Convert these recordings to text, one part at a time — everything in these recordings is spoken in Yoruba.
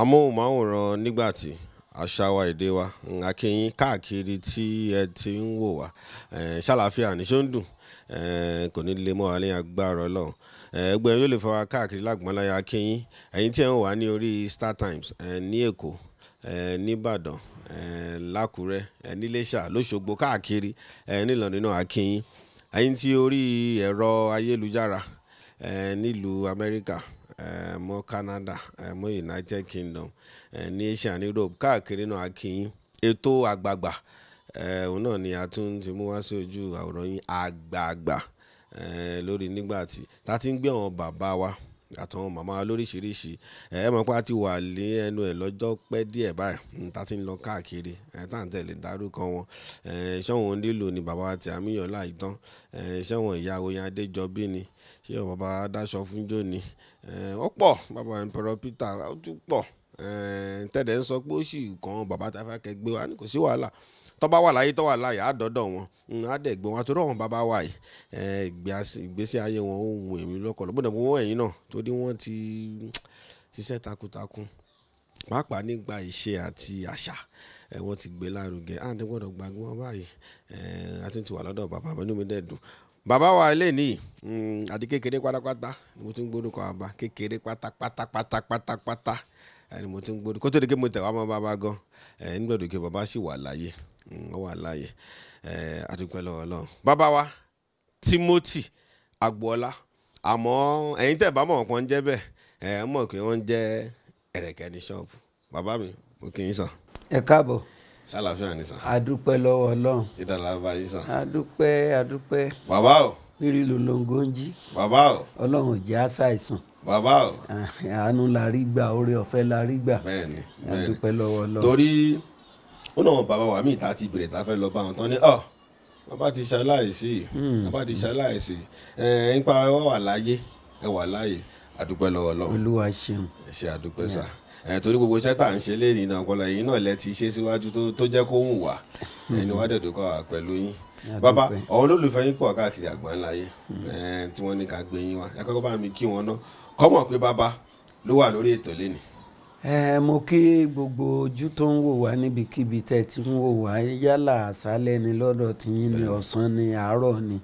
amóhùnmáwòrán nígbàtí àṣà wa èdè wa a kí yín káàkiri tí ẹ ti ń wò wá ṣàlàáfíà ní ṣó ń dùn kò ní lè mọ́ wa agbára ọlọ́run ẹgbẹ́ yóò lè fọ́ káàkiri lágbọ́nláyà a kí tí ẹ̀ ń wà ní orí Star Times ní Èkó ní Ìbàdàn l'Ákúrẹ́ ní Iléṣà l'Óṣogbo káàkiri nílọ̀nà náà a kí yín ẹ̀yin tí orí ẹ̀rọ ayélujára nílùú Amẹ́ríkà eh, Canada eh, United Kingdom eh, ní Asia ní Europe káàkiri náà akínyìn ètò àgbààgbà eh, òun náà ni a tún ti mú wá sí ojú àwòrán yín àgbààgbà eh, lórí nígbàtí tá a ti ń gbé àwọn bàbá wa àtàwọn màmá lóríṣiríṣi ẹ mọ̀ pé a ti wà lé ẹnu ẹ̀ lọ́jọ́ pẹ́ díẹ̀ báyìí tá a ti ń lọ káàkiri ẹ tá à ń tẹ̀lé dárúkọ wọn ẹ ṣé wọn nílò ni bàbá wa ti àmúyàn láìtán ẹ ṣé wọn ìyá oyin adéjọbí ni ṣé wọn bàbá dáṣọ fúnjó ni ẹ ó pọ̀ bàbá emperor peter ó tún pọ̀ tẹ̀dẹ̀ ń sọ pé ó sì kàn bàbá tá a fẹ́ kẹgbẹ́ wa ni kò sí wàhálà tó bá wà láyé tó wà láyé àádọ́dọ̀ wọn àádẹ́gbẹ́ wọn àtúrọ̀ wọn bàbá wà yìí ìgbésí ayé wọn ó wù èmi lọ́kọ̀ọ́ bóde mo wọ́n ẹ̀yìn náà torí wọ́n ti ṣiṣẹ́ takuntakun pàápàá nígbà ìṣe àti àṣà wọ́n ti gbé lárugẹ àti gbọ́dọ̀ gbàgbé wọn báyìí àti ti wà lọ́dọ̀ bàbá mi mi dẹ̀ bàbá wa ilé ní àti kékeré pátápátá ni mo ti ń gbórúkọ bàbá kékeré pátápátápátápátá ni mo ti ń gbórúkọ kó tó di pé mo tẹ̀ wá mọ́ bàbá gan nígbà tó di pé bàbá sì wà láyé Mm, ó wà láàyè eh, adúpẹ́ lọ́wọ́ Ọlọ́run bàbá wa Timothy Agboola àmọ́ ẹ̀yin tẹ̀ bá mọ̀ kan jẹ́ bẹ́ẹ̀ ẹ̀ mọ̀ pé wọ́n jẹ́ ẹ̀rẹ̀kẹ́ ní ṣọ́ọ̀bù bàbá mi mo kì í sàn. ẹ káàbọ̀ ṣàlàfíà ní sàn. adúpẹ́ lọ́wọ́ Ọlọ́run. ìdàlá bá sàn. adúpẹ́ adúpẹ́. bàbá o. rírì lòlóńgó ń jí. bàbá o. Ọlọ́run ò jẹ́ àṣàìsàn bàbá o. Ah, àánú la rí gbà oore ọ̀fẹ́ la rí gbà. bẹ́ẹ̀ni bẹ́ẹ̀ni adúpẹ́ lọ́wọ́ Ọlọ́run. torí ó náà wọn bàbá wa míì tá a ti bèrè tá a fẹ́ lọ bá wọn tán ni ọ bàbá ti ṣaláìsí bàbá hmm. ti ṣaláìsí ẹ ń pa ẹ wà láyé ẹ wà láyé àdúpẹ́ lọ́wọ́ lọ́wọ́ olúwa ṣeun ẹ ṣe àdúpẹ́ sá ẹ torí gbogbo iṣẹ́ tá à ń ṣe lẹ́yìn náà kọ́lá yìí náà lẹ ti ṣe síwájú tó jẹ́ kó wù hmm. ẹni wá dẹ̀dọ̀ kọ́ wa pẹ̀lú yín bàbá ọ̀hún olólùfẹ́ yín pọ̀ káàkiri àgbáńlá yé hmm. tí wọ́n ní ká gbé yín wá ẹ kọ́kọ́ bá mi kí wọn ná kọ́mọ̀ pé bàbá ló wà lórí ètò lénìí ẹ mo kí gbogbo ojú tó ń wò wá níbikíbi tẹ́ ti ń wò wá yálà àṣálẹ́ ni lọ́dọ̀ tiyín ni ọ̀sán ni àárọ̀ ni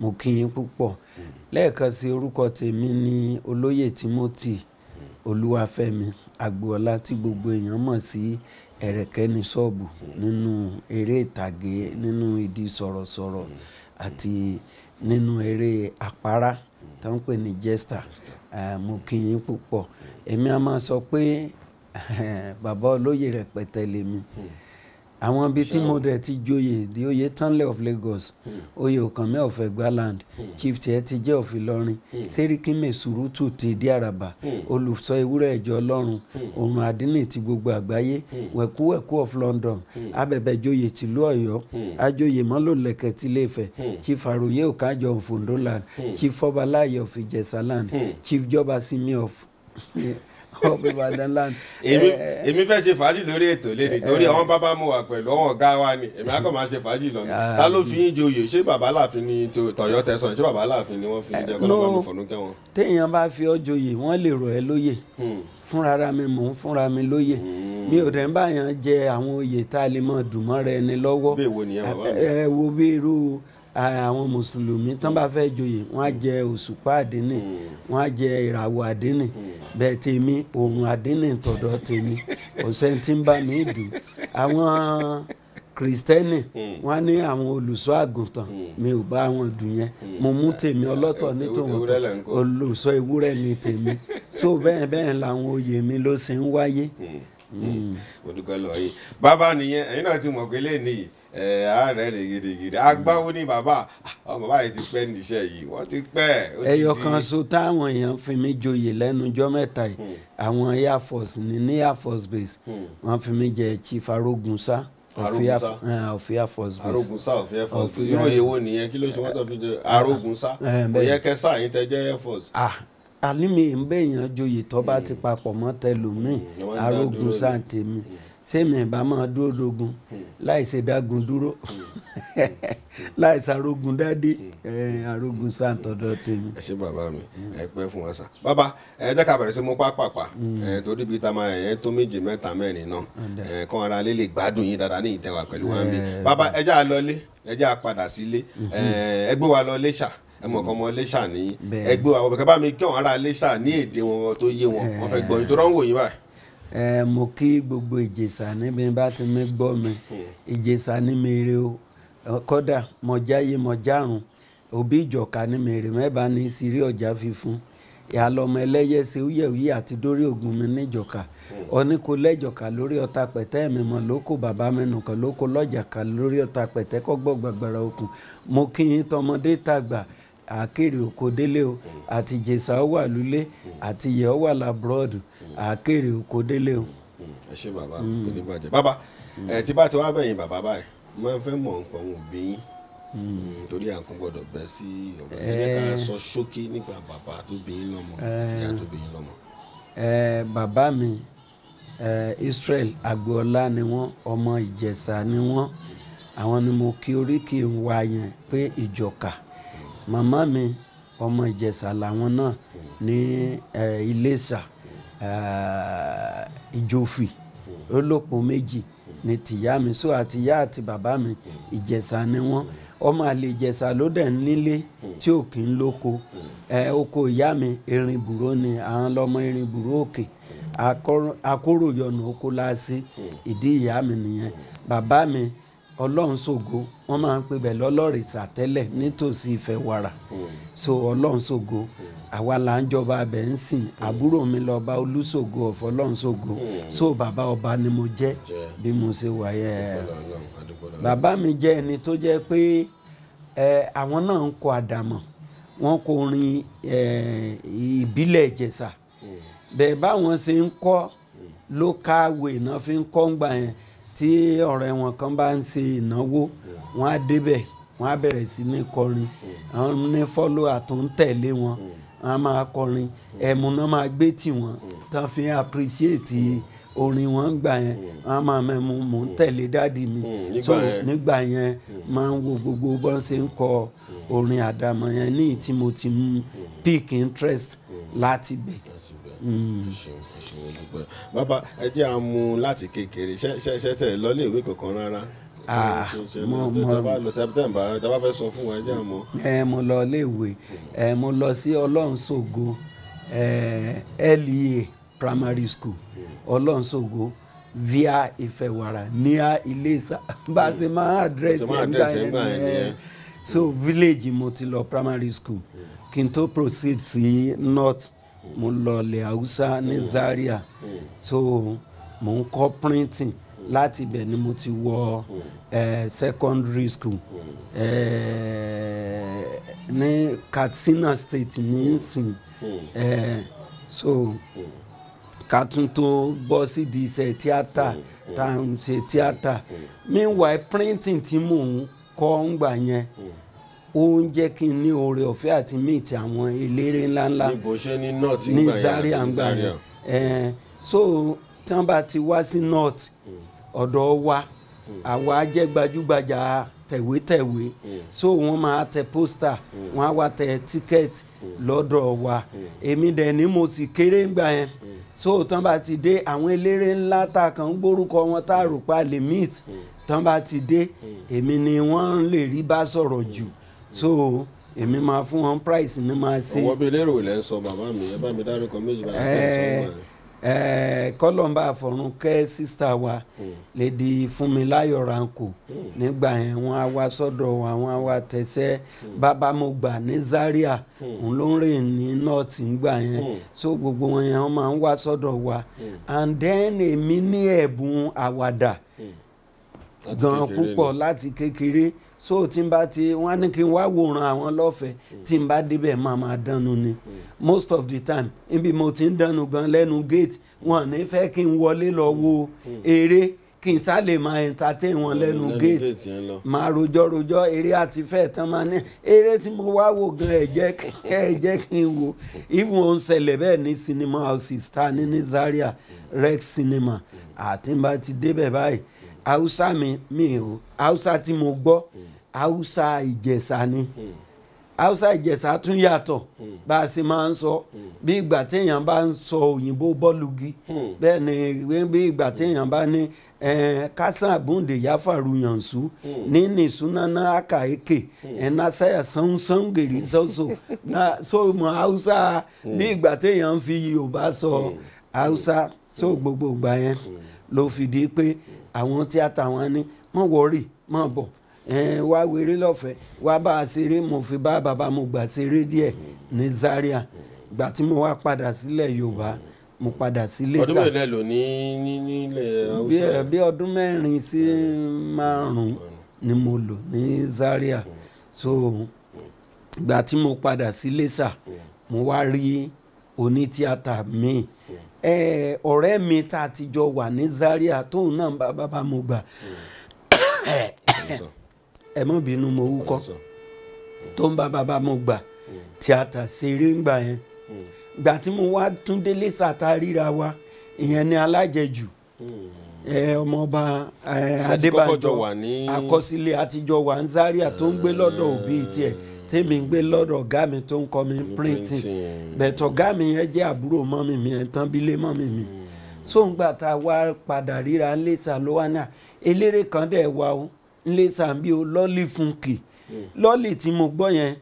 mo kí yín púpọ̀ mm. lẹ́ẹ̀kan sí orúkọ tèmi ni olóyè Timothy mm. Olúwafẹ́mi Agboola tí gbogbo mm. èèyàn mọ̀ sí ẹ̀rẹ̀kẹ́ ní ṣọ́ọ̀bù nínú eré ìtàgé nínú ìdí sọ̀rọ̀sọ̀rọ̀ àti nínú eré àpárá tó ń pè ní jester mo kí yín púpọ̀ èmi a máa sọ pé bàbá olóyè rẹpẹtẹ lèmi hmm. àwọn ibi tí mo rẹ̀ ti joyè di oyè Tanle of Lagos hmm. oyè Ọ̀kànmí of Egbaland hmm. Chief Tiẹ́tijẹ of Ìlọrin Sẹ́ríkí Mèsùrútù ti Ìdí Àràbà olùsọ ewúrẹ́ ìjọ Ọlọ́run òrùn àdínì ti gbogbo àgbáyé wẹ̀kúwẹ̀kú of London abẹ̀bẹ̀ joyè tìlú Ọ̀yọ́ ajoyè mọ́lòlẹ̀kẹ̀ tilé Ifẹ̀ Chief Àròyé Ọ̀kájọ of Oǹdó Chief Fọbaláyé of Ìjẹ̀ṣà Chief Jọba Simi of ọmọ ìbàdàn land. èmi eh, eh. èmi fẹ́ ṣe fàájì lórí ètò lédè torí eh, àwọn bàbá mu wà pẹ̀lú àwọn ọ̀gá wa ni èmi á kàn máa ṣe fàájì lọ ni ah. ta ló fi ń joyè ṣé bàbá láàfin ni tọ̀yọ́ tẹ̀sán ṣé bàbá láàfin ni wọ́n fi jẹ́ kọ́ lọ́wọ́ mi fọ̀nùkẹ́ wọn. téèyàn bá fi ọ́ joyè wọ́n lè rọ̀ ẹ́ lóyè hmm. fúnra mi mò ń fúnra mi lóyè hmm. mi ò dẹ̀ ń báyàn jẹ àwọn oyè tá a lè mọ àwọn mùsùlùmí tán bá fẹ́ joyè wọ́n á jẹ òṣùpá àdínì wọ́n á jẹ ìràwọ̀ àdínì bẹ́ẹ̀ tèmi òun àdínì tọ̀dọ̀ tèmi ọ̀sẹ̀ tí ń bá mi dùn àwọn kìrìsìtẹ́nì wọ́n á ní àwọn olùṣọ́ àgùntàn mi ò bá wọn dùn yẹn mo mú tèmi ọlọ́tọ̀ nítòun tó olùṣọ́ ewúrẹ́ mi tèmi so bẹ́ẹ̀ bẹ́ẹ̀ làwọn oyè mi ló ṣe ń wáyé. Hmm. Hmm. mo dúpẹ́ lọ́ọ́ yìí bàbá nìyẹn ẹ̀yin náà ti mọ̀ pé lẹ́ẹ̀ nìyí ẹ ààrẹ rẹ gidigidi agbáwo ni bàbá ọmọ báyìí ti pẹ́ níṣẹ́ yìí wọ́n ti pẹ́ ó ti di. ẹyọ kan so táwọn èèyàn fi mí joyè lẹ́nujọ́ mẹ́ta yìí hmm. àwọn air force ni ní air force base hmm. wọ́n fi mí jẹ chief arógunṣá ọ̀fíà eh, force base. arógunṣá ọ̀fíà force base yóò yẹ nìyẹn kí ló ṣe wọ́n tó fi jẹ arógunṣá kò eh, eh, kẹsà yín tẹ jẹ air force àní ah, mi ń bẹ̀yàn joyè tó bá ti hmm. papọ̀ mọ́ tẹlómi arógun tèmi tèmi ìbá máa dúró dogun láì ṣe dágun dúró láì ṣàrógun dádé àrógun sáǹtọ̀dọ̀ tèmi. ẹ ṣe bàbá mi ẹ pẹ́ fún wa sà bàbá ẹ jẹ́ ká bẹ̀rẹ̀ sí mú pápápá hmm. torí bíi tamá ẹ̀yẹ tó méjì mẹ́ta mẹ́rin náà kán ara lé lè gbádùn yín dáadáa ní ìtẹ̀wà pẹ̀lú wa mi bàbá ẹ jẹ́ àlọ́lé ẹ jẹ́ àpadà sílé hmm. ẹ gbé wa lọ Iléṣà ẹmọ kan mọ Iléṣà ní ẹgbẹ́ wa bẹ̀kẹ́ bá mi kí àwọn ará Iléṣà ní èdè wọn tó yé wọn wọn fẹ́ gbọ́ nítorí wọn wò yín báyìí ẹ mo kí gbogbo ìjẹ̀ṣà níbi bá ti mi gbọ́ mi ìjẹ̀ṣà ní mi rè o kódà mo jáyé mo járun òbí ìjọ̀ka ní mi rè mẹ́bàá ní sírí ọ̀já fífún ìhàlọ́mọ ẹlẹ́yẹsẹ òyẹ̀wí àti dórí ògùn mi níjọ̀ka oníkolẹ́jọ̀ka lórí ọ̀tá pẹ̀tẹ́ mi mọ̀ lóko bàbá mẹ́nu kan lóko lọ́jàka lórí ọ̀tá pẹ̀tẹ́ kọ́gbọ́ gbàgbàrà okùn mo kí yín tọmọdé tàgbà àkèrè òkòdélé o àti ìjẹ̀ṣà wà lulẹ̀ àti ìyẹ́ wà lábúrọ́dù àkèrè oko délé o. ẹ ṣe bàbá kò ní bàjẹ́ bàbá ẹ tí bá ti wá bẹ̀yìn bàbá báyìí mo máa ń fẹ́ mọ̀ nípa àwọn òbí yín hmm. Hmm, torí à ń kún gbọ́dọ̀ bẹ́ sí ọ̀rọ̀ yẹn ká sọ ṣókí nípa bàbá tó bí yín lọ́mọ àti ìyá tó bí yín lọ́mọ. bàbá mi Israel Agboola ni wọ́n ọmọ Ìjẹ̀ṣà ni wọ́n àwọn ni mo kí oríkì ń wa yẹn pé ìjọka màmá mi ọmọ Ìjẹ̀ṣà làwọn náà ní Iléṣà. E, Eh, ìjòfì ó lópin méjì ni tìyá mi so àtìyá àti bàbá mi ìjẹ̀ṣà ni wọ́n ọmọ àlè ìjẹ̀ṣà ló dẹ̀ nílé tí ò kí ń lóko eh, oko ìyá mi Erinbùró ni àwọn lọ́mọ Erinbùró òkè akóròyọ̀nù oko láṣẹ ìdí ìyá mi nìyẹn bàbá mi ọlọ́run ṣògo wọ́n máa ń pè bẹ́ẹ̀ lọ́lọ́rìṣà tẹ́lẹ̀ nítòsí ìfẹ́ wàrà so ọlọ́run ṣògo àwa là ń jọba abẹ ń sìn àbúrò mi lọ́ba olúṣògo ọ̀fọ̀ ọlọ́run ṣògo so bàbá ọba ni mo jẹ́ bí mo ṣe wà yẹ bàbá mi jẹ́ ẹni tó jẹ́ pé àwọn náà ń kọ àdàmọ̀ wọ́n kọ orin ìbílẹ̀ ìjẹ̀ṣà bẹ́ẹ̀ báwọn ṣe ń kọ́ ló káwé náà fi ń kọ́ ń gbà yẹn tí ọ̀rẹ́ wọn kan bá ń ṣe ìnáwó wọn á débẹ̀ wọn á bẹ̀rẹ̀ sí ní kọrin àwọn ní fọ́lọ́à tó ń tẹ̀lé wọn wọn á máa kọrin ẹ̀mú náà máa gbé tì wọ́n tán fi appreciate orin wọn gbà yẹn wọn á máa mẹ́mu mò ń tẹ̀lé dáàdi mi hmm, so nígbà yẹn máa ń wo gbogbo bọ́n ṣe ń kọ orin àdàmọ̀ yẹn ní tí mo ti mú pick interest hmm. láti bẹ̀. Mm. ẹ ṣeun ẹ ṣeun dúpẹ́ bàbá ẹ jẹ́ àmú láti kékeré ṣẹ́ṣẹ́ tẹ̀ lọ́lé ìwé kankan rárá ah, mo mo tẹ́bá fẹ́ mo lọ iléèwé ẹ mo lọ sí ọlọ́run ṣògo lea primary school ọlọ́run ṣògo via ìfẹ̀wàrà ní ilé ìsà bá a ṣe máa àdírẹ́sì ẹ̀gbà yẹn nìyẹn so village mo ti lọ primary school kí n tó proceed sí north mo lọ ilẹ̀ haúsá ní Zaria so mo ń kọ́ printing láti ibẹ̀ ni mo ti wọ eh, secondary school eh, ní Katsina state ní nsìn eh, so ká tún tó bọ́ sídìí iṣẹ́ tíátà tá à ń ṣe tíátà meanwhile printing tí mò ń kọ́ ń gbà yẹn ó ń jẹ́ kí n ní oore ọ̀fẹ́ àti meet àwọn eléré ńláńlá ní Zaria àgbà yẹn so tí wọ́n bá ti wá sí north ọ̀dọ̀ wa àwa jẹ́ gbajúgbajà tẹ̀wétẹ̀wé so wọ́n máa tẹ pósítà wọ́n á wá tẹ tíkẹ́ẹ̀tì lọ́dọ̀ wa èmi dẹ̀ ni mo sì kéré ńgbà yẹn so tán bá ti dé àwọn eléré ńlá ta kàn ń gbórúkọ wọn tá a rò pa lè meet tán bá ti dé èmi ni wọ́n lè rí bá sọ̀rọ̀ jù. Mm so èmi máa fún wọn price mi máa ṣe. owó bíi lérò ilẹ̀ ń sọ bàbá mi ẹ bá mi dárúkọ méjì bá a tẹ̀ sọ́wọ́ eh, rẹ̀ eh, kọlọmba àfọrúnkẹ sísá wa hmm. lèdi fúnmiláyọ̀ ránkò hmm. nígbà yẹn wọn á wá sọ́dọ̀ àwọn àwa tẹsẹ bàbá mo gbà ní Zaria hmm. òun ní nọọtì ngbà yẹn so gbogbo wọn yẹn wọn máa ń wá sọ́dọ̀ wa and then èmi ní ẹ̀bùn àwàdà gan púpọ̀ láti kékeré so tí n bá ti wọ́n ní kí n wá wòran àwọn lọ́fẹ̀ẹ́ mm. tí n bá débẹ̀ máa máa dánu ni mm. most of the time níbi mo ti ń dánu gan lẹ́nu gate wọn ní fẹ́ kí n wọlé lọ wo mm. eré kí n sá lè máa entertain wọn lẹ́nu gate máa rojọ́ rojọ́ eré àti fẹ́ tán máa ní eré tí mo wá wò gan ẹ̀ jẹ́ kí n wò even ó ṣẹlẹ̀ bẹ́ẹ̀ ní cinema houses ta ní ní Zaria Rex cinema àti n bá ti débẹ̀ báyìí Hausa mi mi o Hausa tí mo gbọ́. Mm haúsá ìjẹ̀ṣà ni hmm. haúsá ìjẹ̀ṣà tún yàtọ̀ hmm. bá a ṣe máa ń sọ hmm. bí ìgbà téèyàn bá ń sọ òyìnbó bọ́ọ̀lùgì bẹ́ẹ̀ ni bí ìgbà téèyàn bá ní kásán àbúndè yáfàrú yànṣú nínú ìsúnáná àkàékè ẹ̀nàṣáyà sánúnsánngèrè sọ́sọ́ so mọ haúsá bí ìgbà téèyàn fi yorùbá sọ haúsá so gbogbo ìgbà yẹn ló fìdí pé àwọn tíátà wọn ni wọ́n wọrí mọ̀ bọ̀ wá wéré lọ́fẹ̀ẹ́ wá bá a ṣeré mo fi bá bàbá mo gbà ṣeré díẹ̀ ní Zaria ìgbà tí mo wá padà sílẹ̀ Yorùbá mo padà sílé sá. ọdún mélòó lò ní nílẹ̀ Haúsá. bí ọdún mẹ́rin sí márùn ni mo lò ní Zaria so ìgbà tí mo padà sílé sá mo wá rí onítíátà míì ọ̀rẹ́ mi tá a ti jọ wà ní Zaria tóun náà bá bàbá mo gbà ẹ mọ̀ bínú mo wúkọ́ tó ń bá bàbá mo gbà tíátà ṣeré ń gbà yẹn gbà tí mo wá tún délé ríra wa ìyẹn ni alájẹjù ọmọọba adébánjọ àkọsílẹ̀ àtijọ́ wà ń Zaria tó ń gbé lọ́dọ̀ òbí tiẹ̀ tèmi ń gbé lọ́dọ̀ ọ̀gá mi tó ń kọ́ mi printing bẹ̀tọ̀ ọ̀gá mi yẹn jẹ́ àbúrò mọ́mì mi ẹ̀ tán bílé mọ́mì mi hmm. so ń gbà tá a wá padà ríra ń lè náà eléré kan dẹ̀ wá o ńlẹ̀ sàǹbí o lọ́ọ̀lì fúnkì hmm. lọ́ọ̀lì tí mo gbọ́ yẹn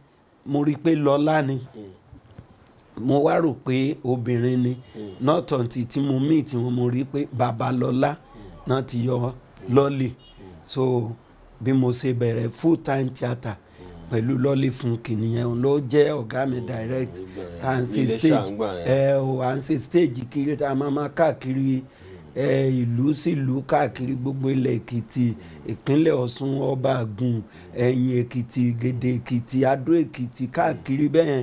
mo rí i pé lọ́lá ni hmm. mo wá rò pé obìnrin ni hmm. not until tí mo meet wọn mo rí i pé babalọ́lá náà ti yọ lọ́ọ̀lì so bí mo ṣe bẹ̀rẹ̀ full time theatre pẹ̀lú lọ́ọ̀lì fúnkì nìyẹn ló jẹ́ ọ̀gá mi direct à ń ṣe stage ẹ̀ ò à ń stage kiri tá a máa káàkiri ìlú sílùú káàkiri gbogbo ilẹ̀ èkìtì ìpínlẹ̀ ọ̀ṣun ọba àgùn ẹ̀yìn èkìtì gèdè èkìtì adó èkìtì káàkiri bẹ́ẹ̀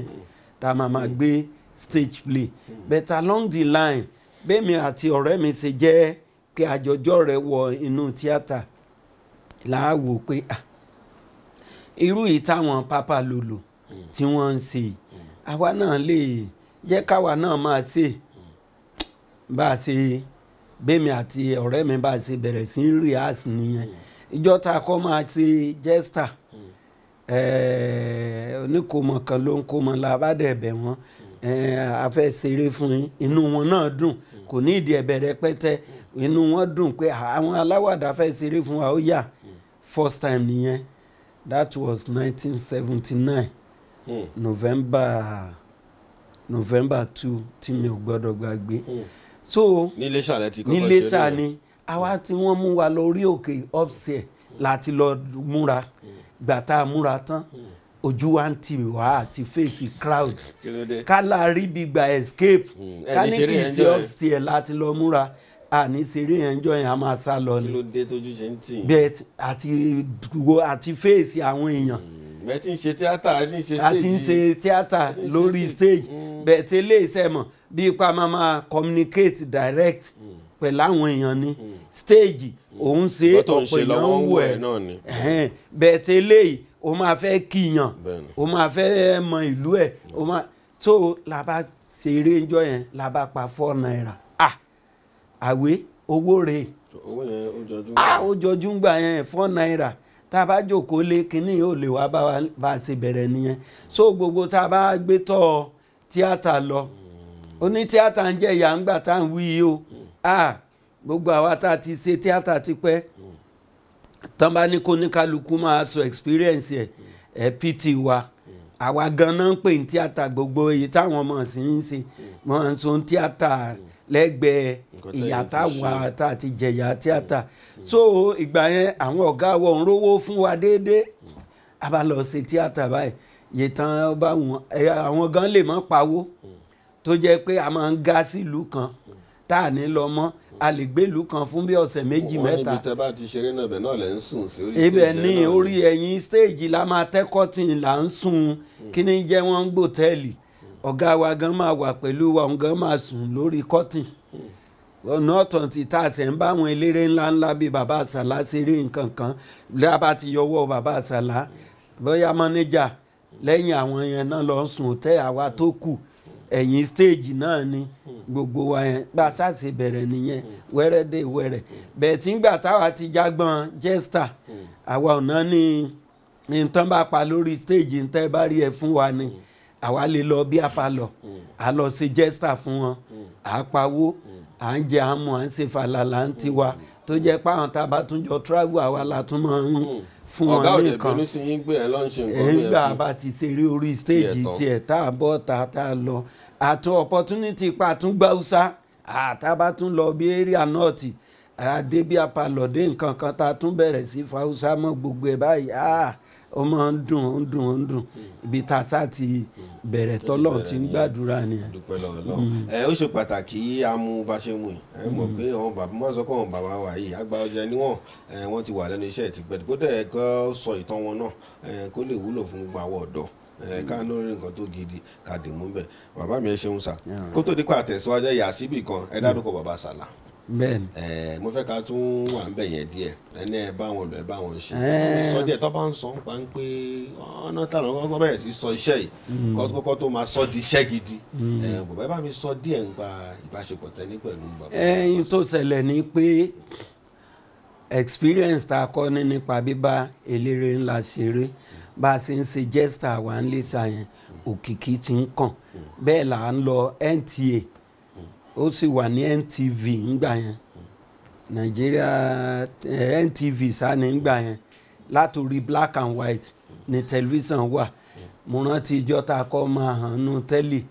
tá a máa máa gbé stage play but along the line bẹ́ẹ̀mi àti ọ̀rẹ́ mi ṣe jẹ́ pé àjọjọ́ rẹ̀ wọ inú tíátà láàwò pé irú yìí táwọn pápá lòlò tí wọ́n ń ṣe àwa náà lè jẹ́ káwa náà máa ṣe bá a ṣe bẹ́ẹ̀mi àti ọ̀rẹ́ mi bá ṣe bẹ̀rẹ̀ sí í rehearse nìyẹn ìjọ ta kọ́ máa ṣe jester oníkòmọ̀ kan ló ń kòmọ̀ la bá dẹ̀ bẹ̀ wọ́n a fẹ́ ṣeré fún yín inú wọn náà dùn kò ní ìdí ẹ̀bẹ̀ rẹpẹtẹ inú wọn dùn pé àwọn aláwàdà fẹ́ fún wa ó yà first time nìyẹn that was nineteen seventy nine hmm. november november two tí mi ò gbọ́dọ̀ gbàgbé. Mm so níléṣà lẹ ti kọ́kọ́ ṣe níléṣà ni àwa tí wọ́n mú wa lọ orí òkè upstairs láti lọ múra gbà tá a múra tán ojú wa ń tì wá àti fèsì crowd kálá rí bí gba escape hmm, ká ní kì í ṣe upstairs láti lọ múra àní ṣeré yẹn jọ yẹn a máa sá lọ ni kí àti wo àti fèsì àwọn èèyàn hmm, bẹ́ẹ̀ ń ṣe tíátà àti ń ṣe stage àti ń ṣe tíátà lórí stage hmm. bẹ́ẹ̀ eléyìí sẹ́mọ̀ bíi pa máa máa communicate direct pẹ̀lú àwọn èèyàn ni hmm. stage hmm. òun ṣe ọ̀pọ̀ èèyàn ń wò ẹ̀ bẹ́ẹ̀ tí eléyìí o máa fẹ́ kíyàn o máa fẹ́ mọ ìlú ẹ̀ o hmm. máa tó la bá ṣe eré ńjọ yẹn la bá pa four naira ah àwé owó rèé owó yẹn ó jọjú ń gbà yẹn four naira tá a bá jókòó lé kínní yóò lè wá bá a ṣe bẹ̀rẹ̀ nìyẹn so gbogbo tá a bá gbé tọ́ tíátà lọ onítíátà ń jẹ ìyà ńgbà tá à ń wí yìí o gbogbo àwa tá a ti ṣe tíátà ti pẹ́ tán bá ní kó ní kálukú máa sọ experience ẹ̀ ẹ̀ pt wa àwa ganan ń pè ní tíátà gbogbo èyí táwọn ọmọ sì ń ṣe wọn ń sọ tíátà lẹ́gbẹ̀ẹ́ ìyà tá a ti jẹ̀yà tíátà so ìgbà yẹn àwọn ọ̀gá wọn ń rówó fún wa déédéé a bá lọ ṣe tíátà báyìí yìí tán bá wọn àwọn gan lè má pawó tó jẹ́ pé a máa ń ga sílùú kan tá a ní lọ mọ́ a lè gbélùú kan fún bí ọ̀sẹ̀ méjì mẹ́ta. wọ́n níbi tẹ́ bá ti ṣeré náà bẹ̀ náà lẹ́ ń sùn sí orí stage náà. ibẹ̀ ni orí ẹ̀yìn stage la máa tẹ́kọ́ tì ń là ń sùn hmm. kí ni jẹ́ wọ́n ń gbòtẹ́ẹ̀lì hmm. ọ̀gá wa gan máa wà pẹ̀lú wa òun gan máa sùn lórí kọ́tìn hmm. ọ̀nà ọ̀tàn tí tá a ṣe ń bá àwọn eléré ńláńlá bíi bàbá àṣàlá ṣeré nǹkan kan lábàá ti yọwọ́ bàbá àṣàlá bóyá mọ́nẹ́jà lẹ́yìn àwọn yẹn náà lọ sùn tẹ́ àwa tó kù ẹ̀yìn stéèjì náà ni gbogbo wa yẹn gba sáàsì bẹ̀rẹ̀ nìyẹn wẹ́rẹ́ dé wẹ́rẹ́ bẹ̀ẹ̀ tí ń gbà táwa ti jágbọ́n jẹ́sítà àwa ọ̀nà ni nǹkan bá pa lórí stéèjì ntẹ́ bá rí ẹ fún wa ni àwa lè lọ bí apalọ̀ a lọ ṣe jẹ́sítà fún wọn à á pawó à ń jẹ àmọ́ à ń ṣe fàlàlà ń tiwa tó jẹ́ pé àwọn tá a bá tún jọ travel àwa la tún máa ń fún wọn nìkan ọgá òdẹ̀bí oníṣìyìn gbé ẹ lọ ń ṣe nǹkan bí ẹ fún. nígbà bá ti ṣeré orí stéèjì tiẹ̀ tá a bọ́ ta tá a lọ àtún opportunity pa àtún gbáùsá àtàbá tún lọ bí area north àdébíàpá lọ́dẹ nǹkan tá a tún bẹ̀rẹ̀ sí fáwùsá mọ́ gbogbo ẹ̀ báyìí ó máa ń dùn ó ń dùn ó ń dùn ibi tá a sá ti bẹ̀rẹ̀ tọ́lọ̀ tí ń gbàdúrà ni. dúpẹ́ lọ́wọ́ lọ́wọ́ mm. ẹ ó ṣe pàtàkì amú bá ṣe mú yìí ẹ mọ̀ mm. pé àwọn bàbá máa sọ pé àwọn bàbá wa yìí àgbà ọjà níwọ̀n wọ́n ti wà lẹ́nu iṣẹ́ ti pẹ́ kó dẹ̀ kó sọ ìtàn wọn náà kó lè wúlò fún gbogbo àwọn ọ̀dọ́ ká lórí nǹkan tó gidi ká dì mú bẹ̀ bàbá mi ẹ ṣeun sà kó tó dípò àtẹ̀síwájú ẹ̀yà síbì kan ẹ dárúkọ bàbá sàlà bẹ́ẹ̀ni. mo fẹ́ ká tún wà ń bẹ̀ yẹn díẹ̀ ẹni ẹ bá wọn lọ ẹ bá wọn ṣe. sọ díẹ̀ tó bá ń sọ pa ń pé ọ̀nà tá lọ́wọ́ wọ́n bẹ̀rẹ̀ sí sọ iṣẹ́ yìí hmm. kọ́kọ́ tó máa sọ di iṣẹ́ gidi. Hmm. bàbá bá mi sọ díẹ̀ nípa ìbáṣepọ̀ tẹ́ni pẹ̀lú bàbá. ẹyin tó ṣẹlẹ̀ ni pé experience tá a kọ́ ní nípa bíbá eléré ńlá ṣeré bá a ṣe ń ṣe jester wa ń lè ṣàyẹn òkìkí ti ń kàn hmm. bẹ́ẹ̀ là ń lọ NTA ó sì wà ní NTV ńgbà yẹn Nàìjíríà eh, NTV sáni ńgbà yẹn látòrí black and white ní tẹlifíṣàn wà mo rántí ìjọ tá a kọ́ máa hàn nù tẹ́lì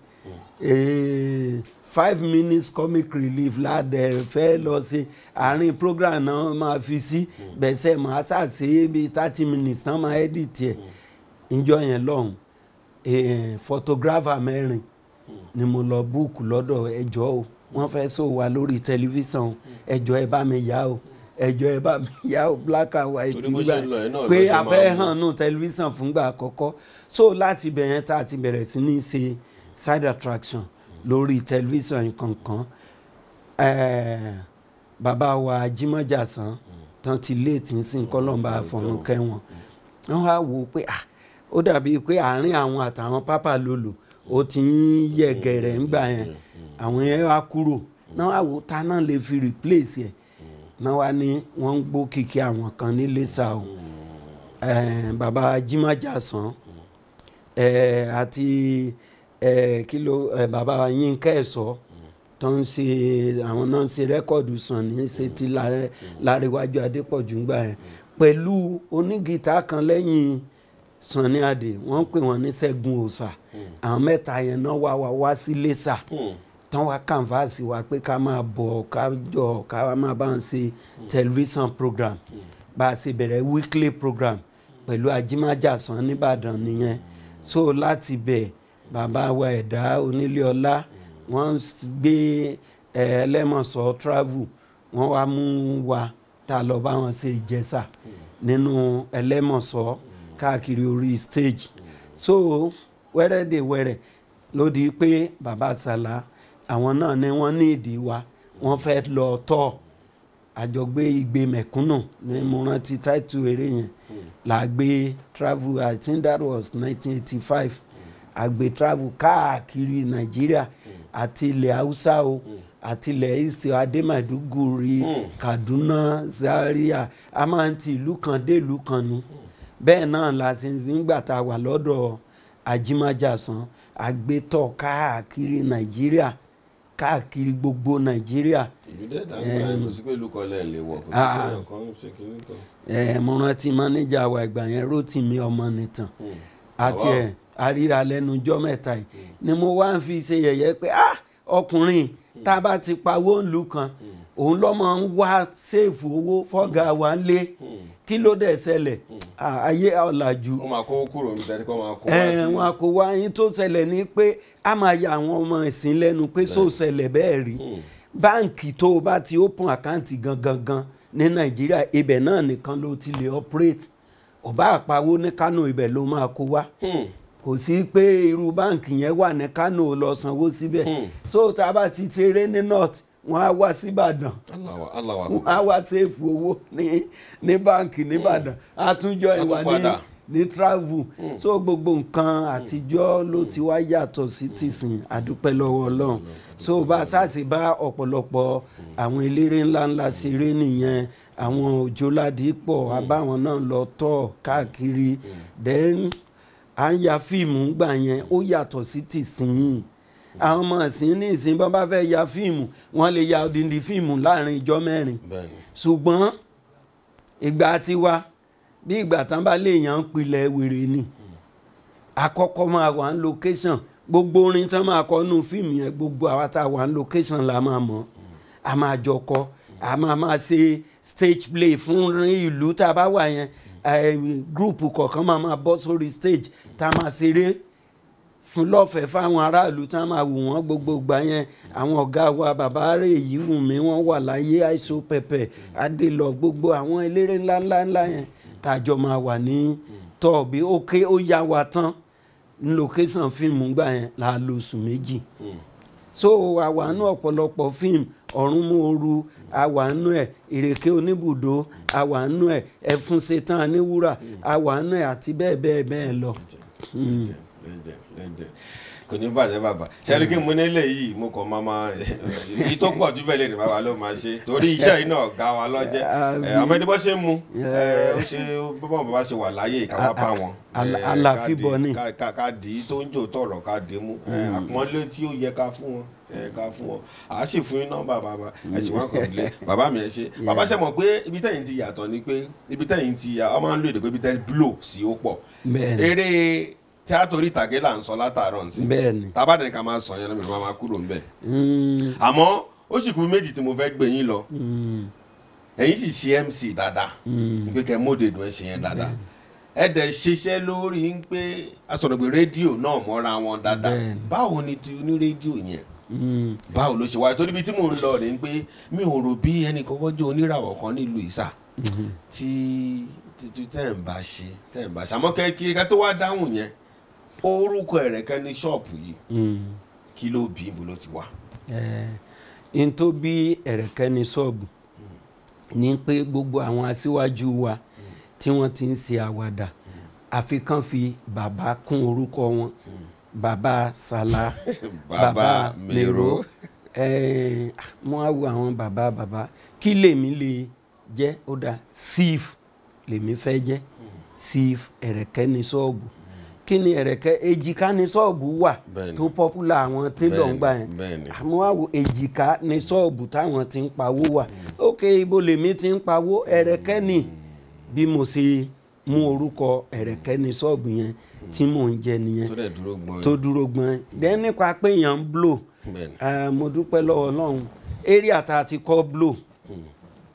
eh, five minutes comic relief ládẹ fẹ́ lọ sí àárín program náà máa fi sí bẹ̀sẹ̀ máa ṣàṣe bíi thirty minutes náà máa edit ẹ̀ níjọ́ yẹn lọ́hùn eh, photographer mẹ́rin ni mo lọ búùkù lọ́dọ̀ ẹjọ́ o wọ́n fẹ́ sọ wa lórí tẹlifíṣàn ẹjọ́ ẹ bá mi yá o ẹjọ́ ẹ bá mi yá o black and white nígbà pé a fẹ́ hàn nù tẹlifíṣàn fúngbà àkọ́kọ́ so láti bẹ̀rẹ̀ tá a ti bẹ̀rẹ̀ sí ní ṣe side attraction lórí tẹlifíṣàn kankan bàbá wa Jímọ̀jà Sàn tán ti léètì ń sìn kọ́lọ́mbà àfọ̀rùn kẹ́wọ̀n wọ́n wá wò ó pé ah, ó dàbí pé àárín àwọn àtàwọn pápá lòlò. Mm ó ti ń yẹ̀gẹ̀rẹ̀ mm, ńgbà yẹn mm, mm. àwọn yẹn wá kúrò náà wá wò ta náà lè fi replace yẹn náà wá ní wọ́n ń gbọ́ kìkì àwọn kan ní lẹ́sà o bàbá jimájà sàn àti kí ló bàbá yínká ẹ̀ sọ tó ń ṣe àwọn náà ń ṣe rẹ́kọ̀dù sàn ní ṣètì láríwájú adépọ̀jù ńgbà yẹn pẹ̀lú onígìtá kan lẹ́yìn. Sunny Adé wọ́n pè wọ́n ní Ṣẹ́gun Òòṣà hmm. àwọn mẹ́ta yẹn náà wá wá wá sí lẹ́sà hmm. tán wá kànfàásì wa pé ká máa bọ̀ ká jọ ká máa bá ń ṣe hmm. tẹlifíṣàn program bá a ṣe bẹ̀rẹ̀ weekly program pẹ̀lú Ajímájà Sunny nìbàdàn nìyẹn so láti bẹ̀ bàbá wa ẹ̀dá onílé ọlá wọ́n gbé ẹlẹ́mọ̀sọ travel wọ́n wá mú wa tá a lọ bá wọn ṣe Ìjẹ̀ṣà nínú ẹlẹ́mọ̀sọ. So, káàkiri orí stage so wẹ́rẹ́ dè wẹ́rẹ́ ló di pé bàbá àsálà àwọn náà ni wọ́n ní ìdí wa wọ́n fẹ́ lọ tọ́ àjọgbé igbe mẹ̀kúnnù ni mo rántí táìtù eré yẹn là gbé travel i think that was nineteen eighty five àgbé travel káàkiri nàìjíríà àti ilẹ̀ haúsá o àti ilẹ̀ east adémàdúgùrì kaduna zaria a máa ń ti ìlú kan dé ìlú kan ni. Mm bẹ́ẹ̀ náà la ṣe nígbà tá a wà lọ́dọ̀ ajímájàsán àgbétọ̀ káàkiri nàìjíríà káàkiri gbogbo nàìjíríà. ìbílẹ̀ ìdàgbà ẹ̀ kò sí pé ìlú kan lẹ̀ lè wọ̀ kò sí ah, pé èèyàn kan ń ṣe kan. ẹ mo rántí mánéjà wa ìgbà yẹn Rótìmí Ọmọnìtàn hmm. àti yìí hmm. ni mo wá ń fi ṣe yẹ̀yẹ́ pé ah ọkùnrin hmm. tá a bá ti pawó ìlú kan òun lọ́mọ ń wá ṣèèfù owó fọ́gà wa lé kí ló dẹ̀ ṣẹlẹ̀ hmm. ayé ọ̀làjú. wọ́n máa kó kúrò níbi tẹ́tí kó máa kó wá sí. wọn a kó wá yín tó ṣẹlẹ̀ ni pé a máa ya àwọn ọmọ ìsìn lẹ́nu pé só ṣẹlẹ̀ bẹ́ẹ̀ rí hmm. báǹkì tó o bá ti open àkáǹtì gangan ní nàìjíríà ibẹ̀ náà nìkan ló ti lè operate ó bá àpawó ní kánò ibẹ̀ ló máa kó wá hmm. kò sí pé irú báǹkì yẹn wà ní kánò lọ sanwó síbẹ̀ so tá a bá ti ṣeré ní north wọ́n á wá síbàdàn wọ́n á wá sèfù owó ní báǹkì nìbàdàn àtúnjọ hmm. ìwà ní ní travel hmm. so gbogbo nǹkan àtijọ́ ló hmm. ti wá yàtọ̀ sí tìsìn àdúpẹ́ lọ́wọ́ ọlọ́run so bá a sáàsì bá ọ̀pọ̀lọpọ̀ àwọn eléré ńláńlá ṣeré nìyẹn àwọn òjòládìpọ̀ abáwọn náà lọ tọ̀ káàkiri then à ń ya fíìmù gbà yẹn ó yàtọ̀ sí tìsìn yìí àwọn ọmọ ìsìn ní ìsìn bọ́n bá fẹ́ ya fíìmù wọ́n lè ya odindi fíìmù láàrin ìjọ mẹ́rin ṣùgbọ́n ìgbà tiwa bí ìgbà tán bá lè yàn án pilẹ̀ wèrè ni àkọ́kọ́ máa wà ń location gbogbo orin tán máa kọ nínú fíìmù yẹn gbogbo àwa tá a wà ń location la máa mọ̀ a máa jọ kọ a máa máa ṣe stage play fún ìlú tá a bá wà yẹn group kọ̀ọ̀kan máa máa bọ́ sórí stage tá a máa ṣeré fún lọ́fẹ̀ẹ́ fáwọn aráàlú tí wọ́n máa wù wọ́n gbogbo ìgbà yẹn àwọn ọ̀gá wa bàbá rẹ̀ èyí wù mí wọ́n wà láyé àìsò pẹ̀pẹ̀ adélọ gbogbo àwọn eléré ńláńláńlá yẹn tàjọ máa wà ní tọ́ọ̀bì òkè ó yá wa tán ní lòkésàn fíìmù gbà yẹn là lò oṣù méjì so àwàánú ọ̀pọ̀lọpọ̀ fíìmù ọ̀run mú ooru àwàánú ẹ̀ ìrèké oníbùdó àwàánú ẹ̀ ẹ̀fúnṣetán aníwúrà àwàánú ẹ̀ àti bẹ́ẹ̀ bẹ́ẹ̀ bẹ́ẹ̀ lọ dẹdẹ dẹdẹ kò ní bàjẹ́ bàbá sẹ́ni kí mo nílé yìí mo kàn máa máa èyí tó pọ̀ jù bẹ́ẹ̀ lè bàbá ló máa ṣe torí iṣẹ́ iná ọ̀gá wa lọ́jẹ́ àmọ́ ẹni bọ́ ṣe ń mu ó ṣe bọ́bọ̀ bàbá ṣe wà láyé ìkáwá bá wọn aláfíbọ ni ká dì í tó ń jò tọrọ ká dì í mú hmm. àpọ́nlé tí ó yẹ ká fún wọn ká fún wọn àá sì fún iná bàbá bàbá ẹ sì wọn kàn lé bàbá mi ẹ ṣe bàbá ṣe mọ̀ pé ibi tẹ̀yìn ti yàtọ̀ ni pé ibi tẹ̀yìn ti yà ọmọ ń lò èdè pé ibi tẹ̀yìn blow sí ó pọ̀ eré tíátórì ìtàgé là ń sọ látàárọ̀ nsí tábàdàn ká máa sọ yẹn lómi ló máa kúrò ń bẹ̀ hmm. àmọ́ ó sì kú méjì tí mo fẹ́ gbé yín lọ hmm. ẹ̀yin sì ṣe MC dáadáa hmm. pé kẹ́ mọ́dé dùn ẹ̀ ṣe yẹn dáadáa ẹ dẹ̀ ṣiṣẹ́ lórí ń pé asọ̀rọ̀gbè rédíò náà mọ́ra wọn dáadáa báwo ni ti ní rédíò yẹn báwo ló ṣe wáyé torí ibi tí mò ń lọ rèé pé mi ò rò bí ẹnì kankan jẹ́ oníràwọ̀ kan nílùú ìsà tí tẹ̀ ń bá ṣe tẹ̀ ń bá ṣe àmọ́ kẹ́kẹ́ ká tó wá dáhùn yẹn orúkọ ẹ̀rẹ̀kẹ́ ní ṣọ́ọ̀pù yìí hmm. kí ló bí ibo ló ti wá. Eh, n tó bí ẹ̀rẹ̀kẹ́ ní ṣọ́ọ̀bù ni pé gbogbo àwọn aṣíwájú wa tí wọ́n ti ń ṣe àwàdà àfi fi bàbá kún orúkọ wọn bàbá sàlá bàbá mèrò eh, mo á wo àwọn bàbá bàbá kí lèmi lè jẹ́ ó dà síf lèmi fẹ́ jẹ́ síf ẹ̀rẹ̀kẹ́ ní ṣọ́ọ̀bù kí ni ẹ̀rẹ̀kẹ́ èjìká ni ṣọ́ọ̀bù wà tó pọ́pùlà àwọn télọ̀ ń gbà yẹn àmọ́ àwọ̀ èjìká ni ṣọ́ọ̀bù táwọn ti ń pawó wà ókè hmm. ibo lèmi ti ń pawó hmm. ẹ̀rẹ̀kẹ́ ni bí mo ṣe mú orúkọ ẹ̀rẹ̀kẹ́ ni ṣọ́ọ̀bù yẹn hmm. tí mò ń jẹ nìyẹn tó dúró gbọ́n dẹ́ nípa pé èèyàn ń blow mo dúpẹ́ lọ́wọ́ ọlọ́run eré àtàtì kọ́ blow